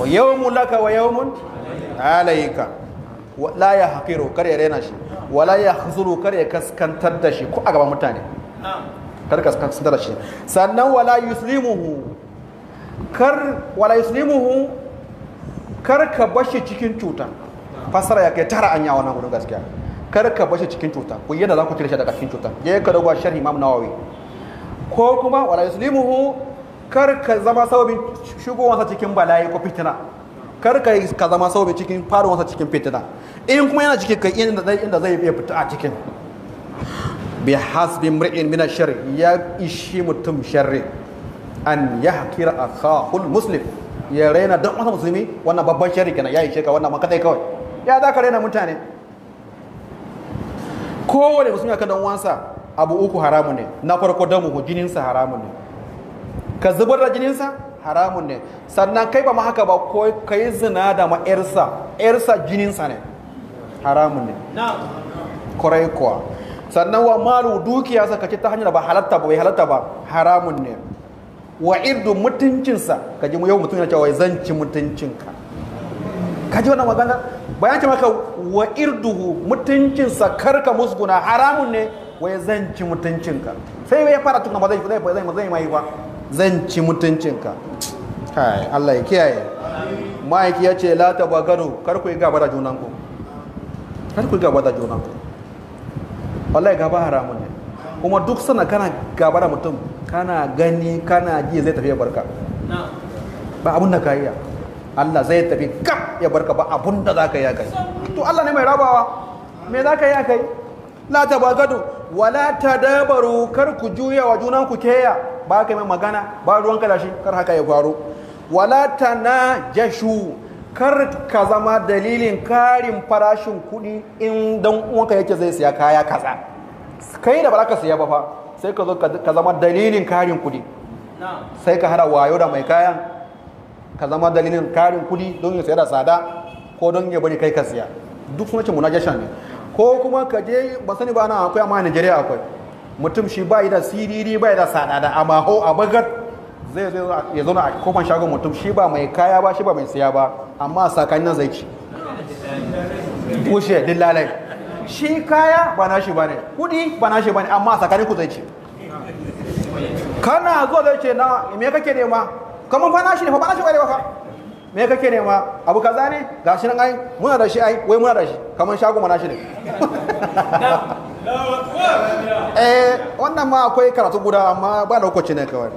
wa yawmu laka wa yawmun alayka wa la ya haqiru kar ya raina shi wa la ya khuzuru kar ya kaskantar da shi ko a gaban mutane kar kaskantar da shi sannan wala yuslimuhu kar wala yuslimuhu kar ka bashi cikin cutar. Fasara ya kai tara anya wannan gudun gaskiya kar ka bashi cikin cuta ku yadda za ku cire shi daga cikin cuta je ka dogo sharhi imam nawawi ko kuma wala yuslimuhu kar ka zama sababin shigowarsa cikin bala'i ko fitina kar ka ka zama sababin cikin faruwarsa cikin fitina in kuma yana cikin kai inda zai iya fita a cikin bi hasbi mri'in min ash-shar ya ishi mutum sharri an yahkira akhahu a muslim ya raina dan wani musulmi wannan babban sharri kenan ya ishe ka wannan man kadai kawai ya za ka raina mutane kowane musulmi akan dan uwansa abu uku haramu ne na farko damu jininsa haramu ne ka zubar da jininsa Haramu ne sannan kai ba ma haka ba ko kai zina da ma yarsa jininsa ne Haramu ne kwarai kuwa sannan wa malu dukiya sa kace ta hanyar ba halatta ba bai halatta ba Haramu ne wa irdu mutuncinsa kaji yau mutum yana cewa zan ci mutuncinka kaji wannan magana bayan ce maka wa irduhu mutuncinsa karka musguna haramun ne wa zan ci mutuncinka sai ya fara tun ba zai zai mazai mai ba zan ci mutuncinka kai Allah ya kiyaye ma'aiki ya ce la tabagadu kar ku yi gaba da junanku kar ku yi gaba da junanku wallahi gaba haramun ne kuma duk sana kana gaba da mutum kana gani kana ji zai tafi barka ba abun da ka yi Allah zai tafi kaf ya barka ba abun da za ka yi yi to Allah ne mai rabawa me za ka yi yi la la ta dabaru kar ku juya wa junan ku keya ba ka mai magana ba ruwan ka dashi kar haka ya faru na jashu kar ka zama dalilin karin farashin kuɗi in dan uwanka yake zai siya kaya kaza kai da ba za ka siya ba fa sai ka zama dalilin karin kuɗi sai ka hada wayo da mai kayan ka zama dalilin karin kuɗi don ya sayar da tsada ko don ya bari kai ka siya duk suna ce munajasha ne ko kuma ka je ba sani ba na akwai amma a Najeriya akwai mutum shi ba yi da siriri yi da tsada da amma ho a bagar zai zai ya zauna a kofan shagon mutum shi ba mai kaya ba shi ba mai siya ba amma a nan zai ci kushe dillalai shi kaya ba na shi bane kuɗi ba na shi bane amma sakanin ku zai ci kana zuwa zai ce na me kake nema kamar fa shi ne fa ba nashi kwarewa fa me kake nema abu kaza ne gashi nan ai muna da shi ai wai muna da shi kamar shago ma shi ne eh wannan ma akwai karatu guda amma ba lokaci ne kawai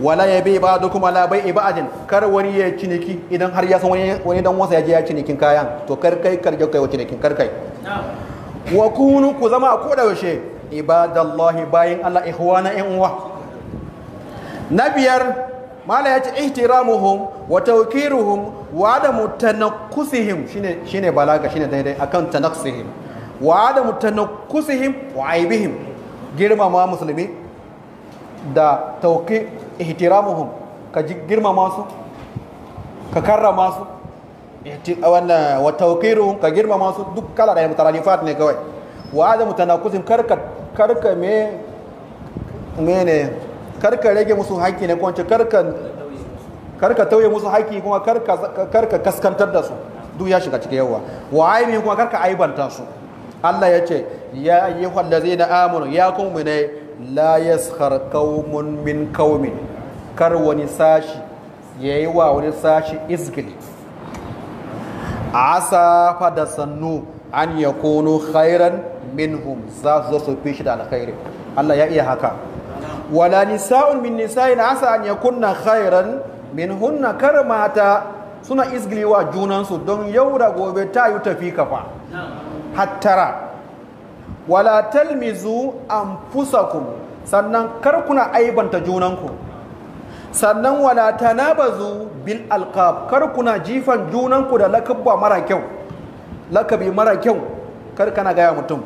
wala ya bai ba duk kuma labai ibadin kar wani ya ciniki idan har ya san wani dan wasa ya je ya cinikin kayan to kar kai kar kai wa cinikin kar kai wa kunu ku zama ko da yaushe ibadallahi bayin Allah ihwana in uwa na biyar mala ya ce ihtiramuhum wa tawqiruhum wa adamu tanakkusihim shine shine balaga shine daidai akan tanakkusihim wa adamu tanakkusihim wa aibihim girmama musulmi da tawqi ihtiramuhum ka girmama su ka karrama su wannan wa tawqiruhum ka girmama su duk kala da mutaralifat ne kawai wa adamu tanakkusihim karka karka me ne. karka rage musu haƙƙi ne kwanci karka tauye musu haƙƙi kuma karka kaskantar da su duk ya shiga cikin yawa wa aibi kuma karka aibanta su Allah ya ce ya yi zai na amanu ya kuma ne la yaskhar qaumun min qaumin kar wani sashi yayi wa wani sashi izgili asa fa da sannu an yakunu khairan minhum za su zo su fi shi da alkhairi Allah ya iya haka wala nisa'un min nisa'in asa an yakunna khairan min kar mata suna wa junansu don yau da gobe ta yi tafi kafa hattara wala talmizu anfusakum sannan kar aibanta junanku sannan wala tanabazu bil alqab karkuna kuna jifan junanku da lakabba mara kyau lakabi mara kyau karkana gaya mutum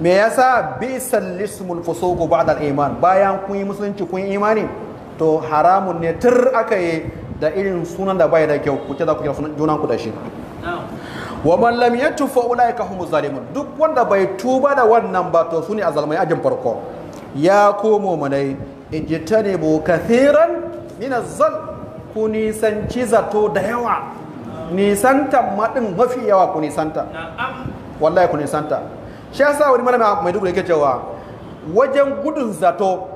me yasa bi'sal lismul fusuqu ba'da al-iman bayan kun yi musulunci kun yi imani to haramun ne tur aka yi da irin sunan da bai da kyau kuke za ku kira sunan junan ku da shi wa man lam yatub ulaika humu zalimun duk wanda bai tuba da wannan ba to sune azalmai ajin farko ya komo manai ijtanibu kathiran min az-zal ku nisanci zato da yawa nisanta madin mafi yawa ku nisanta wallahi ku nisanta shi sa wani mana mai dugula yake cewa wajen gudun zato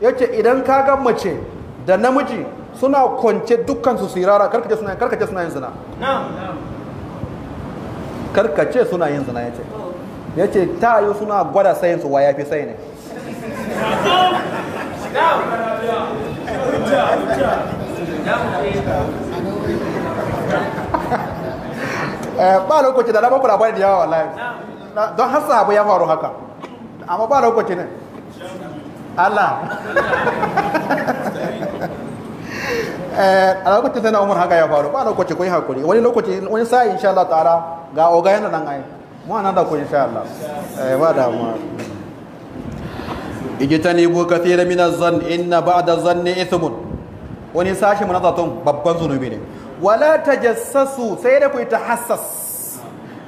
yace idan ka ga mace da namiji suna kwance dukkan su sirara karkace suna karkace suna yin zina karkace suna yin zina yace yace ta yi suna gwada sayin su wa fi sayi ne eh, ba lokaci da lamar kula labarin da yawa wallahi don har sahabu ya faru haka amma ba lokaci ne Allah eh, a lokacin sai na umar haka ya faru ba lokaci ko yi hakuri wani lokaci wani sa insha Allah ta'ala ga oga yana nan ai mu anan da ku insha Allah eh ba da mu bu kathira min az-zann inna ba'da az-zanni ithm wani sashi mun zaton babban zunubi ne wala tajassasu sai da ku tahassas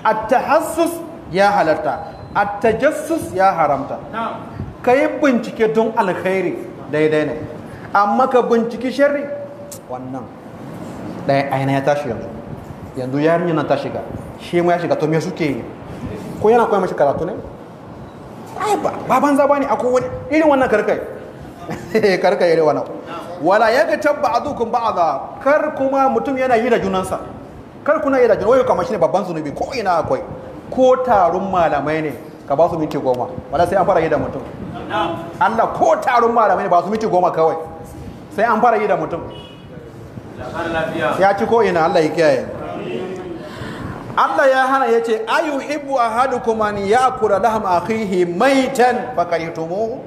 at-tahassus ya halarta a tajassus ya haramta ka yi bincike don alkhairi daidai ne amma ka binciki sharri wannan ɗaya aina ya tashi yanzu yanzu yarinya na ta shiga shi ma ya shiga to me suke yi ko yana koya mashi karatu ne ai ba ba banza ne akwai wani irin wannan karkai karkai irin wannan wala ga tabba a ba'dha kar kuma mutum yana yi da junansa kar kuna yi da junansa wai kamar shi ne babban zunubi ko ina akwai ko tarun malamai ne ka ba su minti goma wala sai an fara yi da mutum Allah ko tarun malamai ne ba su minti goma kawai sai an fara yi da mutum ya ci ko ina Allah ya kiyaye Allah ya hana ya ce ayu ibu a hadu kuma ni ya kura laham akhihi maitan tomo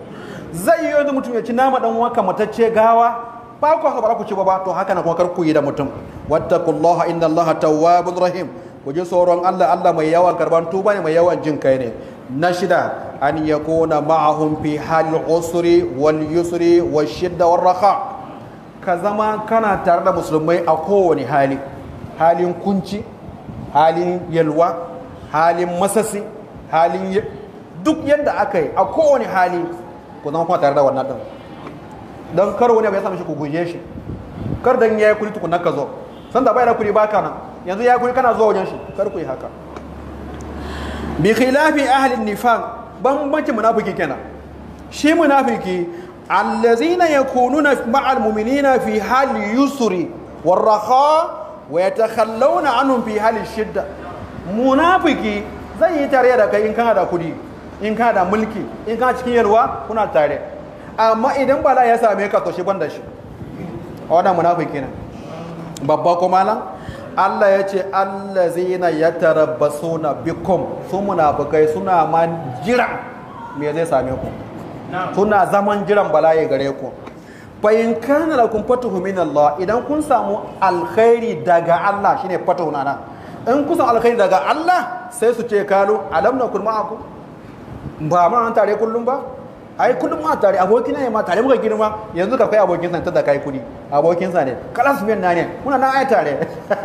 zai yi yanzu mutum ya ci nama dan wanka matacce gawa ba ku haka ba ku ci ba to haka na kuma kar ku yi da mutum wattaqullaha inna allaha tawwabur rahim ku ji tsoron Allah Allah mai yawan karban tuba ne mai yawan jin kai ne na shida an kona ma'ahun fi halin usri wal yusri wa shidda wal raka ka zama kana tare da musulmai a kowane hali halin kunci halin yalwa halin masasi halin duk yadda aka yi a kowane hali ku zama kuma tare da wannan din don kar wani abu ya sami shi ku guje shi kar dan yi kuri tukunan ka zo sanda bai da ba baka nan yanzu ya kuri kana zuwa wajen shi kar ku yi haka bi khilafi ahlin nifaq bambancin munafiki kenan shi munafiki allazina yakununa ma'al mu'minina fi hali yusri warraha wa yatakhallawna anhum fi hali shidda munafiki zai yi tare da kai in kana da kudi in kana da mulki in kana cikin yalwa kuna tare amma idan bala ya same ka to shi ban shi a wannan munafiki ne babba kuma nan Allah ya ce allazina yatarabbasuna bikum su munafukai suna ma jiran me zai same ku suna zaman jiran bala'i gare ku bayan kana kun fatuhu min Allah idan kun samu alkhairi daga Allah shine fatuhu hunana in kun samu alkhairi daga Allah sai su ce kalu alam nakun ma'akum ba ma an tare kullum ba ai kullum ma tare abokina ne ma tare muka girma yanzu ka kai abokin sa tada kai kudi abokin sa ne men na ne muna nan ai tare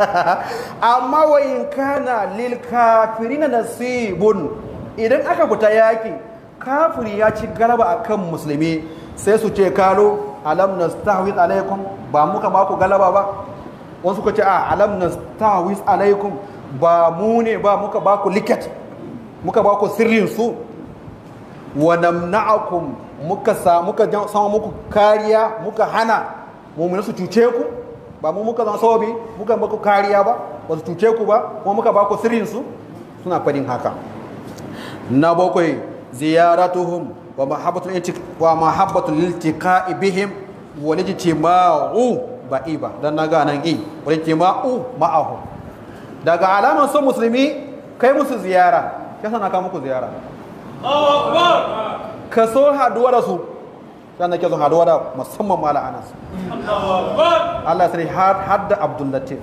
amma wa in kana lil kafirina nasibun idan aka kuta yaki kafiri ya ci galaba akan musulmi sai su ce kalo alam nastahwiz alaikum ba muka ba ku galaba ba wasu ka ce a alam nastahwiz alaikum ba mu ne ba muka ba ku liket muka ba ku sirrin su wa namna'akum muka sa muka sama muku kariya muka hana mu su cuce ku ba mu muka zama sawabi muka baku kariya ba ba su cuce ku ba kuma muka baku sirrin su suna fadin haka na bakwai ziyaratuhum wa mahabbatul wa mahabbatul iltiqa'i bihim wa lijtima'u iba dan naga nan i wa lijtima'u ma'ahum daga alaman son musulmi kai musu ziyara kasa na ka muku ziyara ka so haduwa da su dan nake son haduwa da musamman mala anas Allah sai har hadda Abdul Latif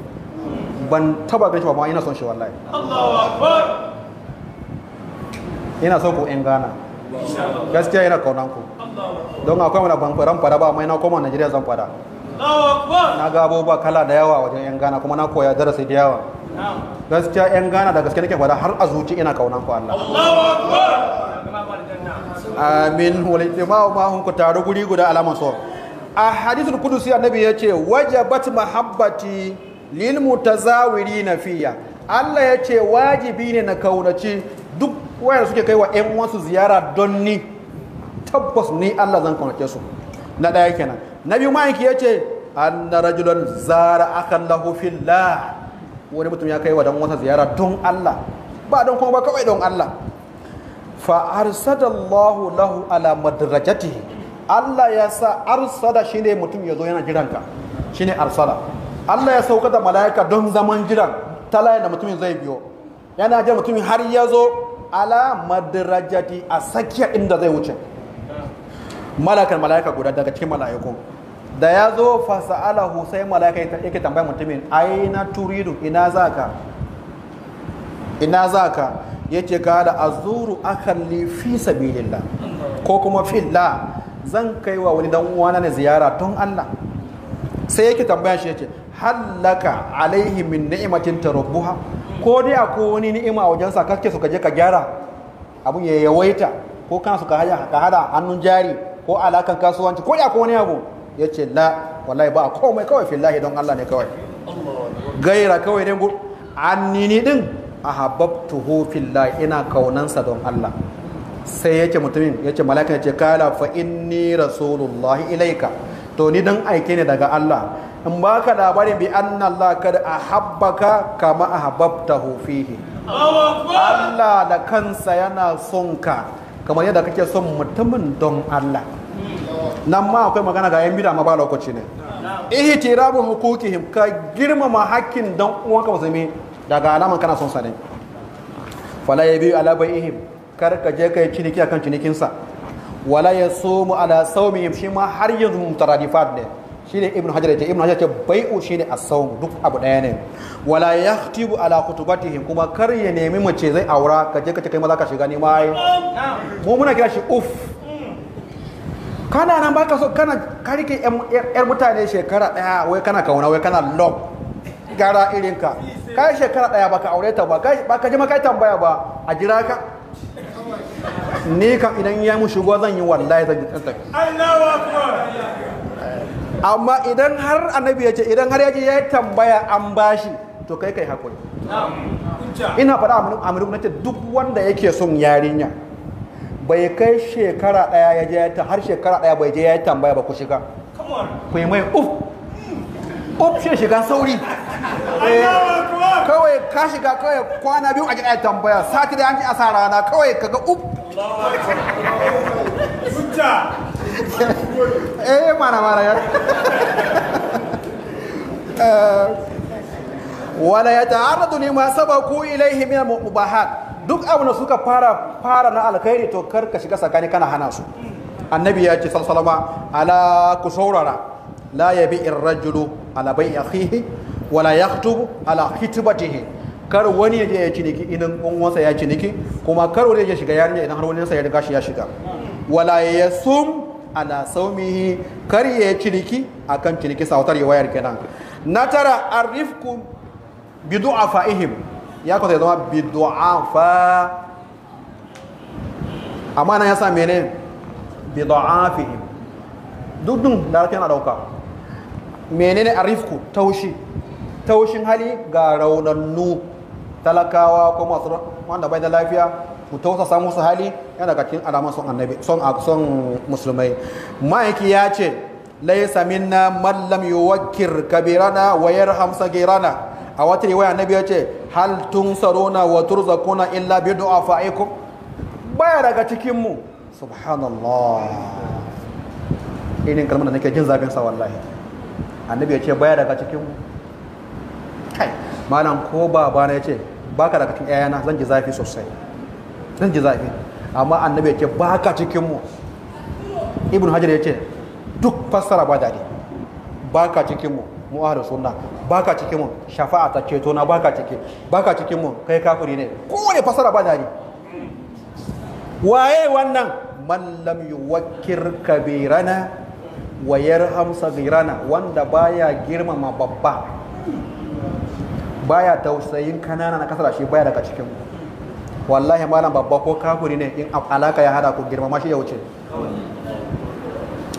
ban taba ganin shi ba ina son shi wallahi ina so ku yan Ghana gaskiya ina kaunan ku don akwai mana ban fara fara ba amma ina koma Najeriya zan fara na ga abubuwa kala da yawa wajen yan Ghana kuma na koya darasi da yawa gaskiya yan Ghana da gaskiya nake fara har a zuci ina kaunan ku Allah amin walittima'u ma'ahum ku taru guri guda alama so a hadisul kudusi annabi ya ce wajabat mahabbati lil na fiya Allah ya ce wajibi ne na kaunaci duk wayar suke kai wa ƴan wasu ziyara don ni tabbas ni Allah zan kaunace su na ɗaya kenan na biyu ma'aiki ya ce anna rajulan zara akan lahu fillah wani mutum ya kai wa dan wasa ziyara don Allah ba don kuma ba kawai don Allah fa arsadallahu lahu ala madrajatihi Allah ya sa arsada shine mutum ya zo yana jiranka shine arsada Allah ya sauka da mala'ika don zaman jiran talayin da mutumin zai biyo yana jiran mutumin har ya zo ala madrajati a sakiya inda zai wuce malakan mala'ika guda daga cikin mala'iku da ya zo fasa'alahu sai mala'ika yake tambaya mutumin aina turidu ina zaka ina zaka yace kada azuru akalli fi sabilillah ko kuma filla zan kai wa wani dan uwana na ziyara tun Allah sai yake tambaya shi yace hallaka alaihi min ni'matin tarabbuha ko dai akwai wani ni'ima a wajen sa kake suka je ka gyara abun ya yawaita ko kana suka ka hada hannun jari ko alakan kasuwanci ko dai akwai wani abu yace la wallahi ba komai kawai fillahi don Allah ne kawai gaira kawai ne annini din ahabbtuhu fillah ina kaunansa don Allah sai yake mutumin yake malaka yake kala fa inni rasulullahi ilaika to ni dan aike ne daga Allah in ba baka labarin bi anna Allah a ahabbaka kama ahabbtahu fihi Allah da kansa yana son ka kamar yadda kake son mutumin don Allah nan ma akwai magana ga yan bida ma ba lokaci ne ihtirabu hukukihim ka girmama hakkin dan uwanka musulmi daga alaman kana son sane fala ya biyu ala bai'ihim kar ka je kai ciniki akan cinikinsa wala ya mu ala saumihim shi ma har yanzu mutaradifat ne ne ibnu hajar ce ibnu hajar ce bai'u ne a sawm duk abu daya ne wala tibu ala kutubatihim kuma kar ya nemi mace zai aura ka je ka kai maza ka shiga ne mai mu muna kira shi uf kana nan baka so kana karike yar mutane shekara daya wai kana kauna wai kana love gara irin ka yi shekara daya baka aure ta ba kai ka ji yi tambaya ba a jira ka ni kam idan ya mu shigo zan yi wallahi zan yi tsantar amma idan har annabi ya ce idan har yaji ya yi tambaya an bashi to kai kai hakuri ina faɗa a mulkin nace duk wanda yake son yarinya bai kai shekara ɗaya ya je ta har shekara ɗaya bai je ya tambaya ba ku shiga ku yi mai uf ɓuf shi shiga sauri eh, kawai ka shiga kawai kwana biyu a jiƙa tambaya sati da yanki a sa rana kawai kaga uf eh mara mara ya eh, wala ya ta'arradu lima sabaku ilaihi min mubahat duk abu da suka fara fara na alkhairi to kar ka shiga tsakani kana hana su annabi ya ce sallallahu alaihi ala ku saurara la yabi irrajulu ala bai akhihi wala yaktubu ala hitbatihi kar wani ya je ya ciniki idan uwansa ya niki kuma kar wani ya shiga yarinya idan har wani ya riga shi ya shiga wala yasum ala saumihi kar ya ciniki akan ciniki sautar ya wayar kenan na tara arifku bi du'afaihim ya kwata zama bi du'afa amma nan ya sa mene bi du'afihim duk dun da yana dauka menene arifku taushi taushin hali ga raunannu talakawa ko masu wanda bai da lafiya ku samu su hali yana daga cikin alaman son annabi son son musulmai ma'aiki ya ce laisa minna man lam yuwakkir kabirana wa yarham sagirana a wata riwaya annabi ya ce hal tunsaruna wa turzakuna illa bi du'afaikum baya daga cikin mu subhanallah irin kalmar da nake jin zafin sa wallahi annabi ya ce baya daga cikin kai malam ko na ya ce baka daga cikin ƴaƴana zan ji zafi sosai zan ji zafi amma annabi ya ce baka cikin mu ibn hajar ya ce duk fassara ba daɗi baka cikin mu mu ahlus sunna baka cikin mu shafa'a ta ceto na baka cikin baka cikin mu kai kafiri ne kowane fassara ba daɗi waye wannan man lam yuwakkir kabirana wa yarham saghirana wanda baya girmama babba baya tausayin kanana na kasar shi baya daga cikin wallahi malam babba ko kafuri ne in alaka ya hada ku girmama shi ya wuce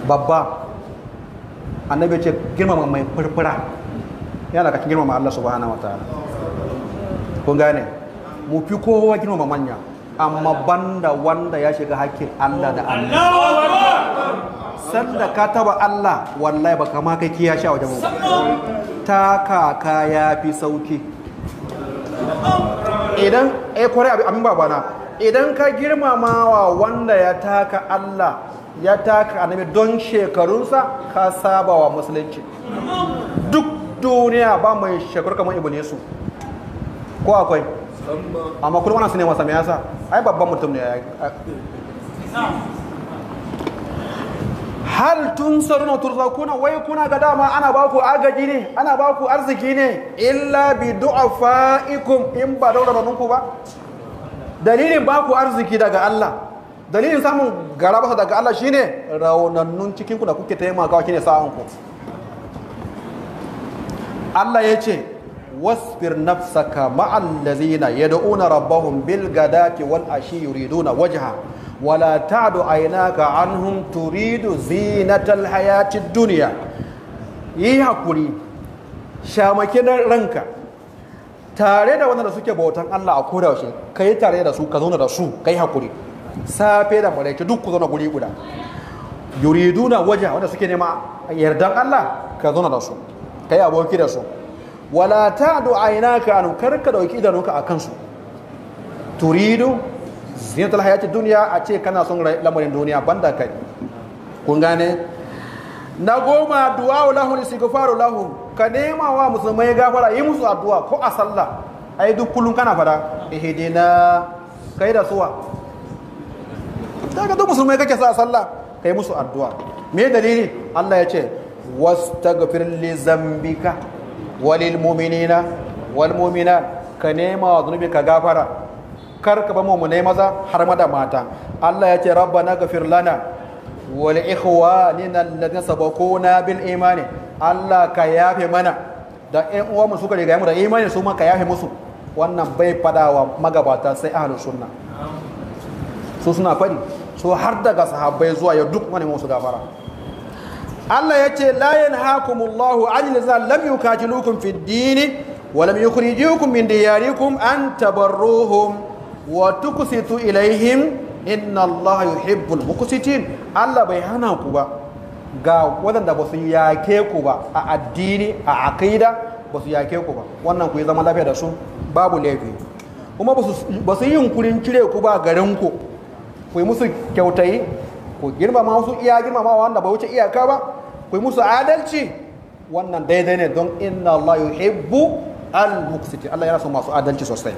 babba annabi ce girmama mai furfura yana daga girmama Allah subhanahu wataala kun gane mu fi kowa girmama manya amma banda wanda ya shiga hakkin Allah da Allah sanda ka taba Allah wallahi baka ma kai kiya sha wajen ta kaka ya fi sauki idan eh kwarai baba babana idan ka girmamawa wanda ya taka Allah ya taka annabi don shekarunsa ka saba wa musulunci duk duniya ba mai shekaru kamar ibn yesu ko akwai amma kullum wannan su sa me yasa ai babban mutum ne ya hal tun saruna turzakuna wai kuna ga dama ana ba ku agaji ne ana ba ku arziki ne illa bi du'afaikum in ba daura ku ba dalilin ba ku arziki daga Allah dalilin samun garabasa daga Allah shine raunannun cikin ku da kuke taimakawa shine sa'an ku Allah ya ce wasbir nafsaka ma'al ladzina yad'una rabbahum bil gadati wal ashi yuriduna wajha wala ta'du aynaka anhum turidu zinatal hayatid dunya yi hakuri shamake ranka tare da wanda suke bautan Allah a koda yaushe kai tare da su ka zauna da su kai hakuri safe da maraice duk ku zauna guri guda yuriduna waja wanda suke nema yardan Allah ka zauna da su kai aboki da su wala ta'du aynaka an karka dauki idanunka akan turidu zinatul hayati duniya a ce kana son lamarin duniya banda kai kun gane na goma du'a lahu istighfaru lahu ka nema wa musulmai gafara yi musu addu'a ko a sallah ai duk kullum kana fada ihdina kai da suwa daga duk musulmai kake sa sallah kai musu addu'a me dalili Allah ya ce wastaghfir li zambika walil mu'minina wal mu'minat ka nema wa ka gafara kar ka ba mu ne maza har ma da mata Allah ya ce rabbana ghafir lana wal ikhwanina alladhina sabaquna bil imani Allah ka yafe mana da ɗan uwa mu suka riga mu da imani su ma ka yafe musu wannan bai fadawa magabata sai ahlus sunna su suna fadi su har daga sahabbai zuwa ya duk wani musu gafara Allah ya ce la yanhaakumullahu 'anil ladzina lam yukatilukum fid din wa lam yukhrijukum min diyarikum an tabarruhum wa ilaihim inna Allah yuhibbul muqsitin Allah bai hana ku ba ga wadanda ba su yake ku ba a addini a aqida ba su yake ku ba wannan ku yi zama lafiya da su babu laifi kuma ba su yi yunkurin kire ku ba garin ku ku yi musu kyautayi ku girma ma? wasu iya ma wanda ba wuce iyaka ba ku yi musu adalci wannan daidai ne don inna Allah yuhibbu al-muqsitin Allah yana so masu adalci sosai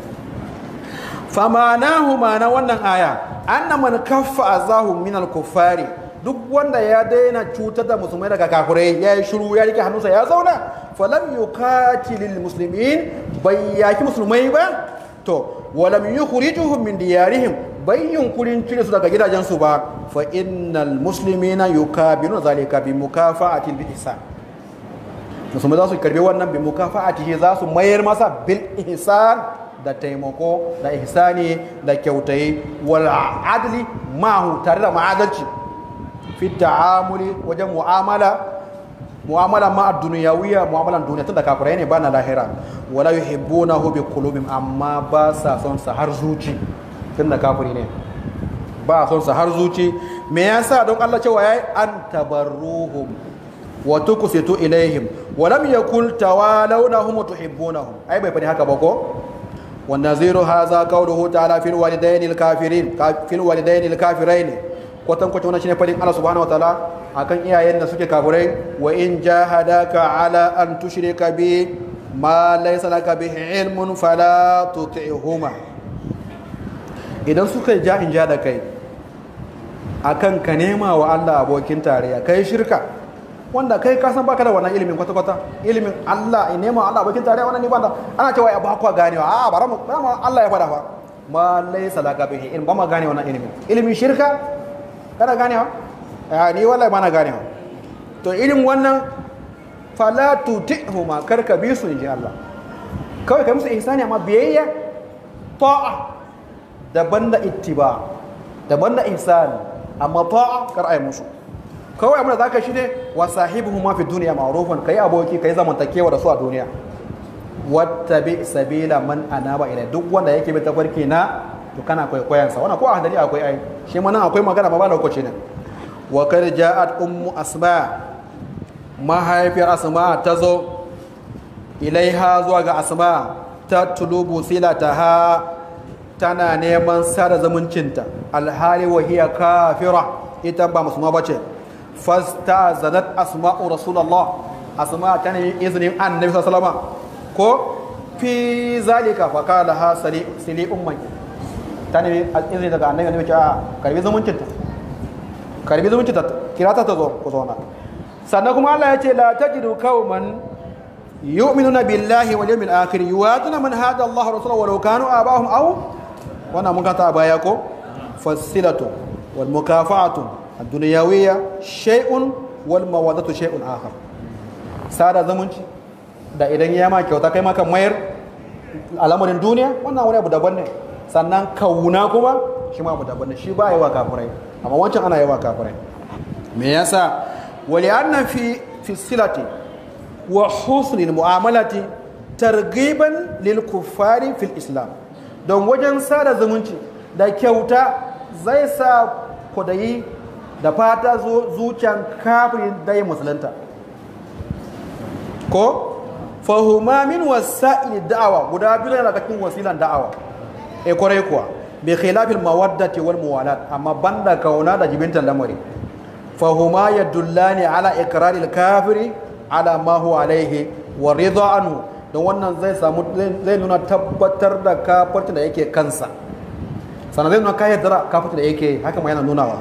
famanahu ma'ana wannan aya anna man kaffa a min kuffari duk wanda ya daina cutar da musulmai daga kafirai ya yi shiru ya rike hannunsa ya zauna falam yuqatilil muslimin bai yaki musulmai ba to walam yukhrijuhum min diyarihim bai yunkurin cire su daga gidajensu ba fa innal muslimina nuna zalika bi a bil isa. musulmai za su karbi wannan bi mukafa'ati za su mayar masa bil ihsan da taimako da ihsani da kyautai wal adli hu tare da ma'adalci fi ta'amuli wajen mu'amala mu'amala ma duniyawiya mu'amalan duniya Tunda da kafirai ne ba na lahira wala yuhibbunahu bi qulubihim amma ba sa son sa har zuci Tunda kafiri ne ba son sa har zuci me yasa don Allah cewa yayi an tabarruhum wa tukusitu ilaihim wa lam yakul tawalawnahum tuhibbunahum ai bai fadi haka ba ko والنظير هذا قوله تعالى في الوالدين الكافرين في الوالدين الكافرين kwatankwacin wannan shine fadin Allah subhanahu wataala akan iyayen da suke kafirai wa in jahadaka ala an tushrika bi ma laysa laka bihi ilmun fala tuti'huma idan suka ja in ja da kai akan ka nema wa Allah abokin tarayya kai shirka wanda kai ka san baka da wannan ilimin kwata kwata ilimin Allah ne ma Allah bakin tare wannan ne ba ana cewa ya bakwa ganewa a bara mu Allah ya fada fa ma laysa laka bihi in ba ma gane wannan ilimin ilimin shirka kana ganewa ni wallahi ba na ganewa to ilim wannan fala tutihuma karka bi su inji Allah kawai kai musu ihsani amma biyayya ta'a daban da ittiba daban da ihsani amma ta'a kar ai musu kawai abin da ka shi ne wa sahibu ma fi duniya Ka kai aboki kai zamantakewa da su a duniya Wata bi sabila man ba ila duk wanda yake bi tafarki na to kana kwaikwayon sa wannan ko a hadari akwai ai shi ma nan akwai magana ba ba da kwace ne wa kar ja'at ummu asma mahaifiyar asma ta zo ilaiha zuwa ga asma ta tulubu ha tana neman sada zumuncinta alhali wa hiya kafira ita ba musulma bace fastazanat asma'u rasulullah asma ta izinin annabi sallallahu ko fi zalika fa qala ha sali umman ta ne izini daga annabi ce karbi zumuncin ta karbi zumuncin ta kira ta ta zo ku zo na sannan kuma Allah ya ce la tajidu a yu'minuna billahi wal yawmil akhir yuwatuna man Allah rasulahu kanu wannan mun baya ko fasilatu wal duniyawiyya shay'un wal mawadatu shay'un akhar sada zamunci da idan ya ma kyauta kai ma kan mayar al'amarin duniya wannan wani abu daban ne sannan kauna kuma shi ma abu daban ne shi ba yawa kafirai amma wancan ana yawa kafirai me sa. wali an na fi silati wa husnil mu'amalati targiban lil fil islam don wajen sada zumunci da kyauta zai sa kwadayi da fata zuciyan kafin da ya musulunta ko fahuma min da'awa guda biyu yana cikin wasilan da'awa e kwarai kuwa bi khilafil mawaddati wal muwalat amma banda kauna da jibintan lamari fahuma ne ala iqraril kafiri ala mahu huwa alaihi wa rizo anu don wannan zai samu zai nuna tabbatar da kafirta da yake kansa sannan zai nuna dara kafirta da yake haka ma yana nunawa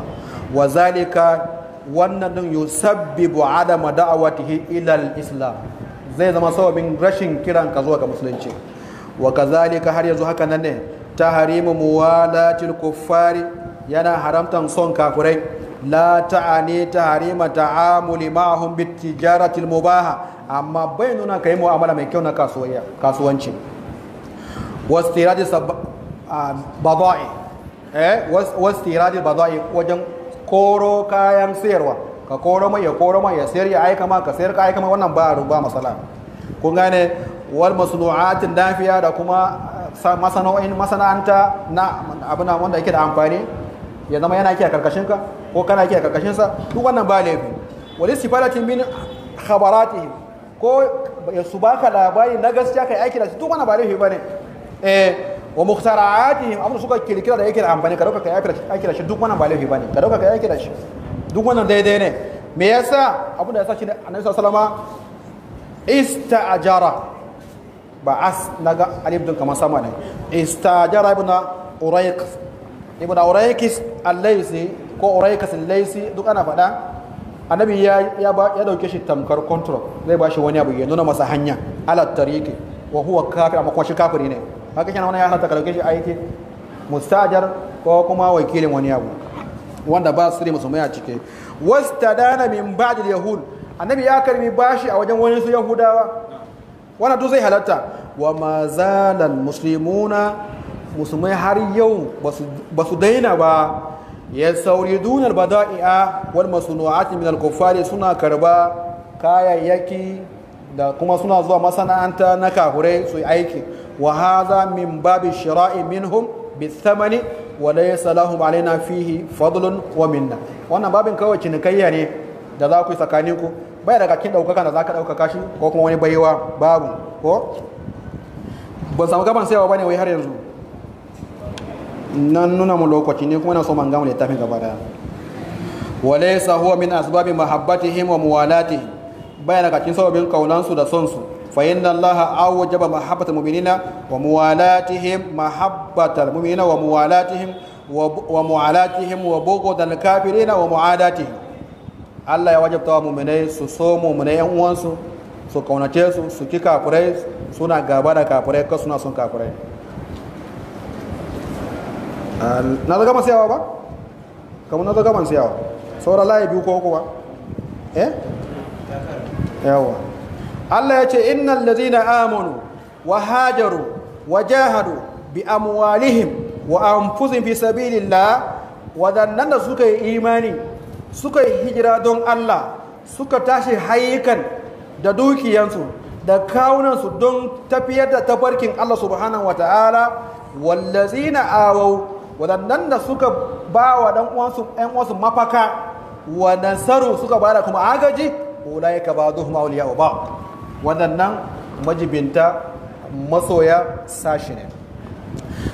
Wazalika zalika wannan din yusabbibu adama da'awatihi ila al-islam zai zama sababin rashin kiran ka zuwa ga musulunci wa kazalika har yanzu haka nan ne ta harimu muwalatil kuffari yana haramtan son kafirai la ta'ani ta ta'amuli ma'ahum bitijaratil mubaha amma bai nuna kai mu'amala mai kyau na kasuwanci wastiradi bada'i eh wastiradi bada'i wajen koro kayan sayarwa ka koro mai ya koro mai ya sayar ya aika ma ka sayar ka aika ma wannan ba ba masala kun gane wal masnu'atin dafiya da kuma masana'o'in masana'anta na abin wanda yake da amfani ya zama yana kiya karkashin ka ko kana kiya karkashin sa duk wannan ba laifi wali istifadatin min khabaratihim ko su baka labari na gaskiya kai aiki da shi duk wannan ba laifi bane eh wa mukhtara'atihim abin suka kirkira da yake da amfani ka dauka ka kira shi duk wannan ba laifi bane ka dauka ka kira shi duk wannan daidai ne me yasa abin da yasa shi ne annabi sallama ista'jara ba as naga alif din kamar sama ne ista'jara ibn urayq ibn urayqis al-laysi ko urayqis al-laysi duk ana faɗa annabi ya ya ya dauke shi tamkar control zai ba shi wani abu ya nuna masa hanya ala tariqi wa huwa kafir amma kuma shi kafiri ne haka kenan wani ya halatta ka dauke shi aikin mustajar ko kuma wakilin wani abu wanda ba su da musulmai a cike wastadana min ba'd yahud annabi ya karbi bashi a wajen wani su yahudawa wannan duk zai halatta wa ma zalal muslimuna musulmai har yau ba su daina ba ya sauri dunar bada'i'a wal masunu'ati min al-kuffari suna karba kayayyaki da kuma suna zuwa masana'anta na kafurai su aiki wa hadha min babi shira'i minhum bi thamani wa laysa lahum alaina fihi fadlun wa minna wannan babin kawai cinikayya ne da za ku yi tsakaninku bai daga kin daukaka da za ka daukaka shi ko kuma wani baiwa babu ko ban samu gaban sayawa ne wai har yanzu nan nuna mu lokaci ne kuma na so man gamu tafi gaba daya walaysa huwa min asbabi mahabbatihim wa muwalatihim bai daga cikin sababin kaunansu da son su فإن الله أوجب محبة المؤمنين وموالاتهم محبة المؤمنين وموالاتهم ومعالاتهم وبغض الكافرين ومعاداتهم Allah ya wajabta wa muminai su so muminai yan uwansu su kaunace su su ki kafirai suna gaba da kafirai ka suna son kafirai na zaga masu yawa ba kamar na zaga masu yawa layi biyu ko Allah ya ce inna ladhina amanu wa hajaru wa jahadu bi amwalihim wa anfusihim fi sabilillah wadannan da suka yi imani suka yi hijira don Allah suka tashi hayyukan da dukiyansu da kawunansu don tafiyar da tafarkin Allah subhanahu wa ta'ala wallazina awau wadannan da suka ba wa dan uwansu ɗan uwansu mafaka wa nasaru suka bada kuma agaji ulaika ba'dhum awliya'u ba'd waɗannan majibinta masoya sashi ne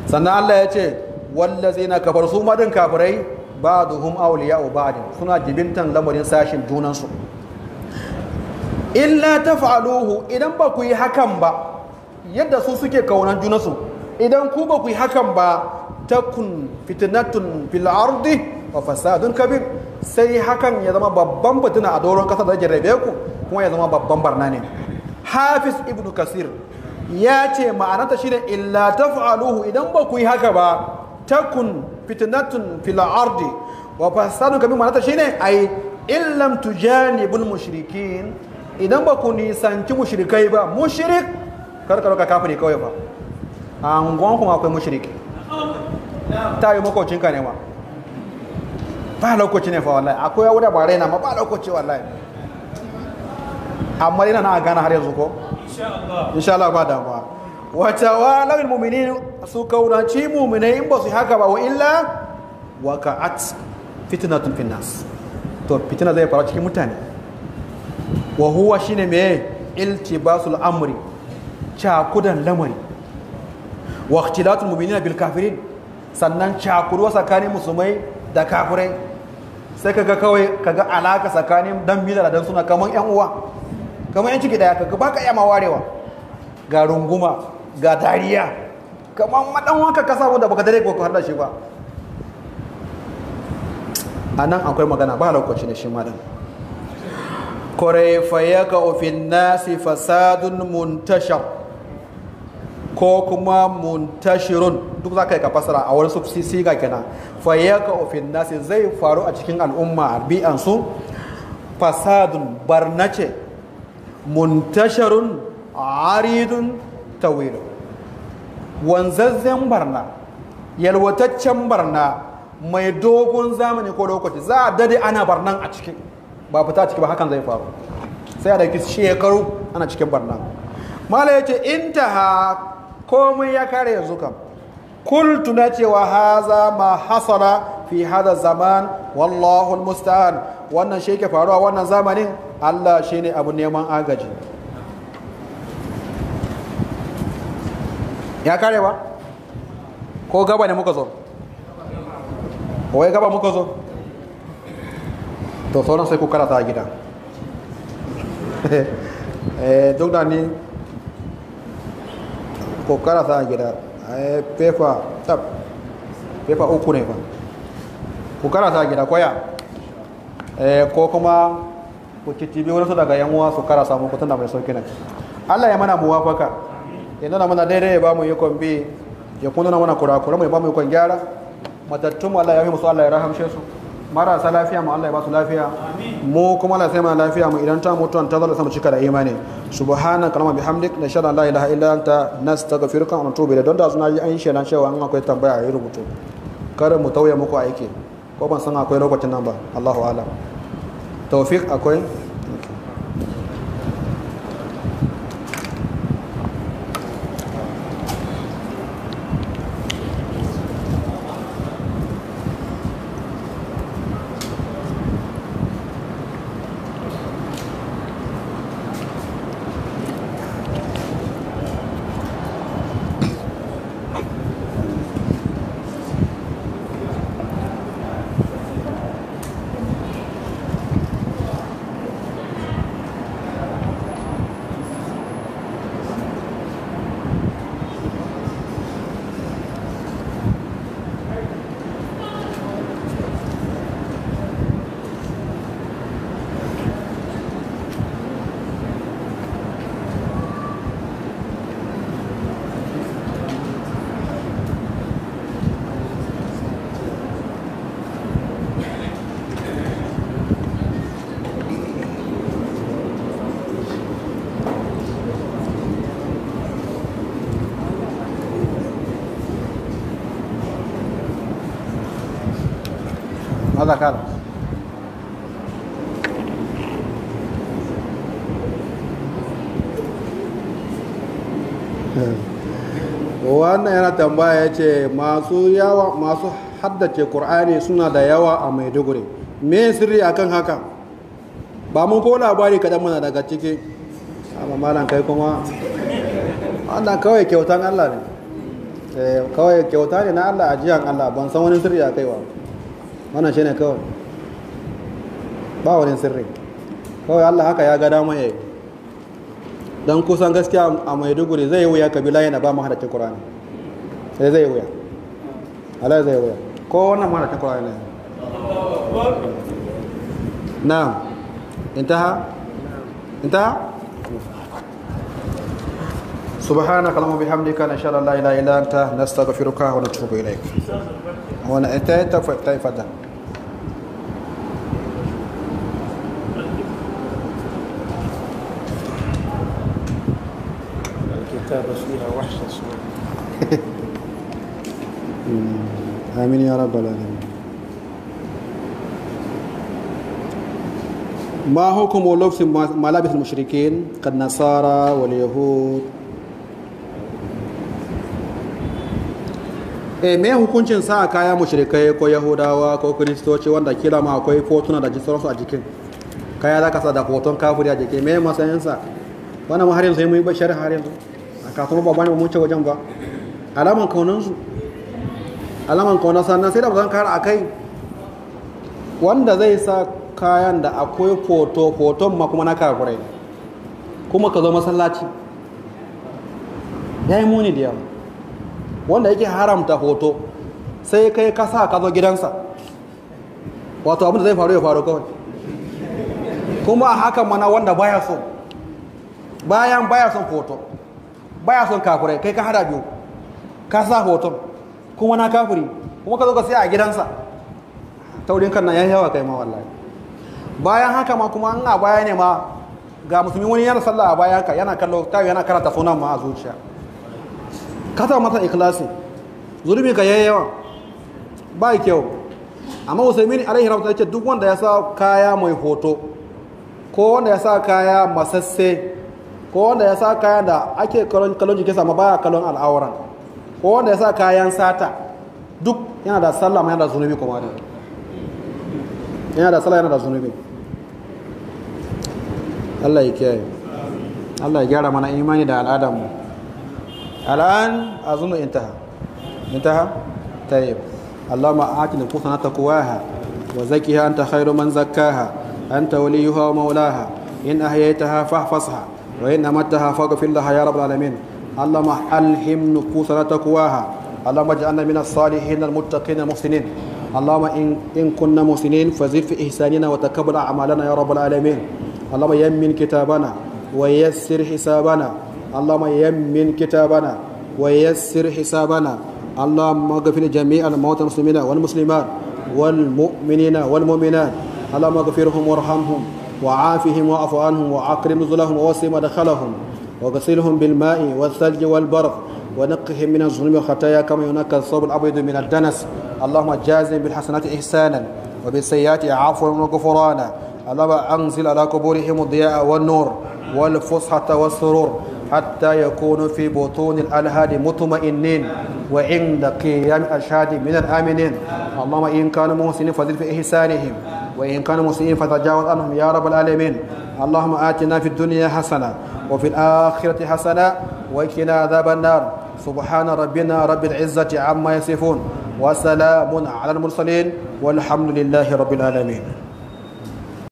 sannan Allah ya ce na kafar su madin kafirai ba ba'duhum awliya'u ba'din suna jibintan lamarin sashin junansu illa fa'aluhu idan ba ku yi hakan ba yadda su suke kaunan junansu idan ku ba ku yi hakan ba takun fitnatun fil ardi wa fasadun kabir sai hakan ya zama babban fitina a doron kasa da jarrabe ku kuma ya zama babban barna ne hafiz ibn kasir ya ce ma'anarta shi ne illa fa’aluhu idan ba ku yi haka ba takun fitnatun fil ardi wa fasadun kabi ma'anarta shi ne illan illam tujanibul mushrikin idan ba ku nisanci mushrikai ba mushrik karkar ka kafin kawai ba a angon kuma akwai mushriki ta yi makocinka ne ma ba lokaci ne fa wallahi akwai yawuda ba raina ma ba lokaci wallahi amma yana na gana har yanzu ko insha Allah ba damuwa wa tawalal mu'minin su kaunaci mu'minai in ba su haka ba wa illa wa ka'at fitnatun finnas to fitina zai fara cikin mutane wa huwa shine me iltibasul amri cakudan lamari wa ikhtilatul mu'minina bil kafirin sannan cakuduwa tsakanin musulmai da kafirai sai kaga kawai kaga alaka tsakanin dan bila da dan suna kaman yan uwa kamar yan ciki daya ka ba ka iya ma warewa ga runguma ga dariya kamar madan ka kasa samu da baka dare ko har da shi ba a nan akwai magana ba lokaci ne shi madan kore fayaka ofin nasi fasadun muntashar ko kuma muntashirun duk za ka yi ka fasara a wani sufi siga kenan fayaka ofin nasi zai faru a cikin al'umma bi'ansu fasadun barnace muntasharun aridun tawilu wanzazzen barna yalwataccen barna mai dogon zamani ko lokaci za a dade ana barnan a ciki ba fita ciki ba hakan zai faru sai a dauki shekaru ana cikin barnan mala ya ce intaha komai ya kare yanzu kam kultu na cewa haza ma hasara fi hada zaman wallahu musta'an wannan shi ke faruwa wannan zamanin Allah shi ne abu neman agaji ya kare ba ko gaba ne muka zo wai gaba muka zo to sauran sai ku karata a gida eh, duk da ni ku karata a gida eh, pefa tab pefa uku ne ba ku karata a gida koya eh, ko kuma ku cicibi wani daga yan uwa su kara samu kutuna mai sauki na. Allah ya mana wafaka ya nuna mana daidai ya mu ikon bi ya kuma nuna mana kurakura mu ya mu ikon gyara matattun Allah ya yi musu Allah ya rahamshe su marasa lafiya mu Allah ya ba su lafiya mu kuma Allah sai mana lafiya mu idan ta mutu ta zalla samu cika da imani subhanaka allahumma bihamdik nashhadu an la ilaha illa anta nastaghfiruka wa natubu ilayk don da suna yi an shelan cewa an akwai tambaya a yi rubutu Kar mu tauye muku aiki ko ban san akwai lokacin nan ba Allahu a'lam tawfiq akwai da cara. Eh, wannan yana tambaya ya ce masu yawa masu haddace ƙur'ani suna da yawa a maiduguri me sirri akan haka ba mun ko labari kaɗan mana daga ciki amma malam kai kuma wannan kawai kyautan allah ne eh, kawai kyauta ne na allah ajiyan allah ban san wani sirri a kaiwa ba wannan shine kawai ba wani sirri kawai Allah haka ya gada mai don kusan gaskiya a maiduguri zai wuya kabila yana ba mahadaci kurani sai eh, zai wuya alai zai wuya ko wannan mahadaci kurani ne na intaha intaha سبحانك اللهم وبحمدك نشهد ان لا اله الا انت نستغفرك ونتوب اليك وانا اتيتك فابتدي فتح الكتابة فيها وحشة آمين يا رب العالمين ما حكم لبس ملابس المشركين كالنصارى واليهود e me hukuncin sa kaya mushrikai ko yahudawa ko kristoci wanda kila ma akwai fotuna da sauransu a jikin kaya za ka sa da hoton kafuri a jiki me matsayin sa wannan ma har yanzu mun yi bashar har yanzu a kasuwa ba bani mun ce wajen ba alaman kaunan su alaman kaunan sannan sai da bazan kara akai wanda zai sa kayan da akwai foto foton ma kuma na kafurai kuma ka zo masallaci ya yi muni da yawa wanda yake haramta hoto sai kai ka sa ka zo gidansa wato abin da zai faru ya faru kawai kuma a hakan mana wanda baya so bayan baya son hoto baya son kafirai kai ka hada biyu ka sa hoton kuma na kafiri kuma ka zo ka siya a gidansa taurin kan nan ya yawa kai ma wallahi bayan haka ma kuma an a baya ne ma ga musulmi wani yana sallah a bayan ka yana kallo ta yana karanta sunan ma a zuciya kata mata masa ikhlasi zurbi ka yayi yawa ba kyau amma usaimin alaihi rahmatu ce duk wanda ya sa kaya mai hoto ko wanda ya sa kaya masasse ko wanda ya sa kaya da ake kalon kalon jikin sama baya kalon al'auran ko wanda ya sa kayan sata duk yana da sallah yana da zunubi kuma da yana da sallah yana da zunubi Allah ya kiyaye Allah ya gyara mana imani da al'adarmu الآن أظن انتهى انتهى طيب اللهم آت نفوسنا تقواها وزكها أنت خير من زكاها أنت وليها ومولاها إن أحييتها فاحفظها وإن أمتها فاغفر لها يا رب العالمين اللهم ألهم نفوسنا تقواها اللهم اجعلنا من الصالحين المتقين المحسنين اللهم إن, إن كنا محسنين فزد في إحساننا وتقبل أعمالنا يا رب العالمين اللهم يمن كتابنا ويسر حسابنا اللهم يمن كتابنا ويسر حسابنا اللهم اغفر جميع الموتى المسلمين والمسلمات والمؤمنين والمؤمنات اللهم اغفرهم وارحمهم وعافهم واعف عنهم واكرم نزلهم ووسع مدخلهم وغسلهم بالماء والثلج والبرد ونقهم من الظلم والخطايا كما ينقى الثوب الابيض من الدنس اللهم جازهم بالحسنات احسانا وبالسيئات عفوا وغفرانا اللهم انزل على قبورهم الضياء والنور والفصحى والسرور حتى يكونوا في بطون الأنهار مطمئنين وعند قيام أشهاد من الآمنين اللهم إن كانوا محسنين فزد في إحسانهم وإن كانوا مسيئين فتجاوز عنهم يا رب العالمين اللهم آتنا في الدنيا حسنة وفي الآخرة حسنة وقنا عذاب النار سبحان ربنا رب العزة عما يصفون وسلام على المرسلين والحمد لله رب العالمين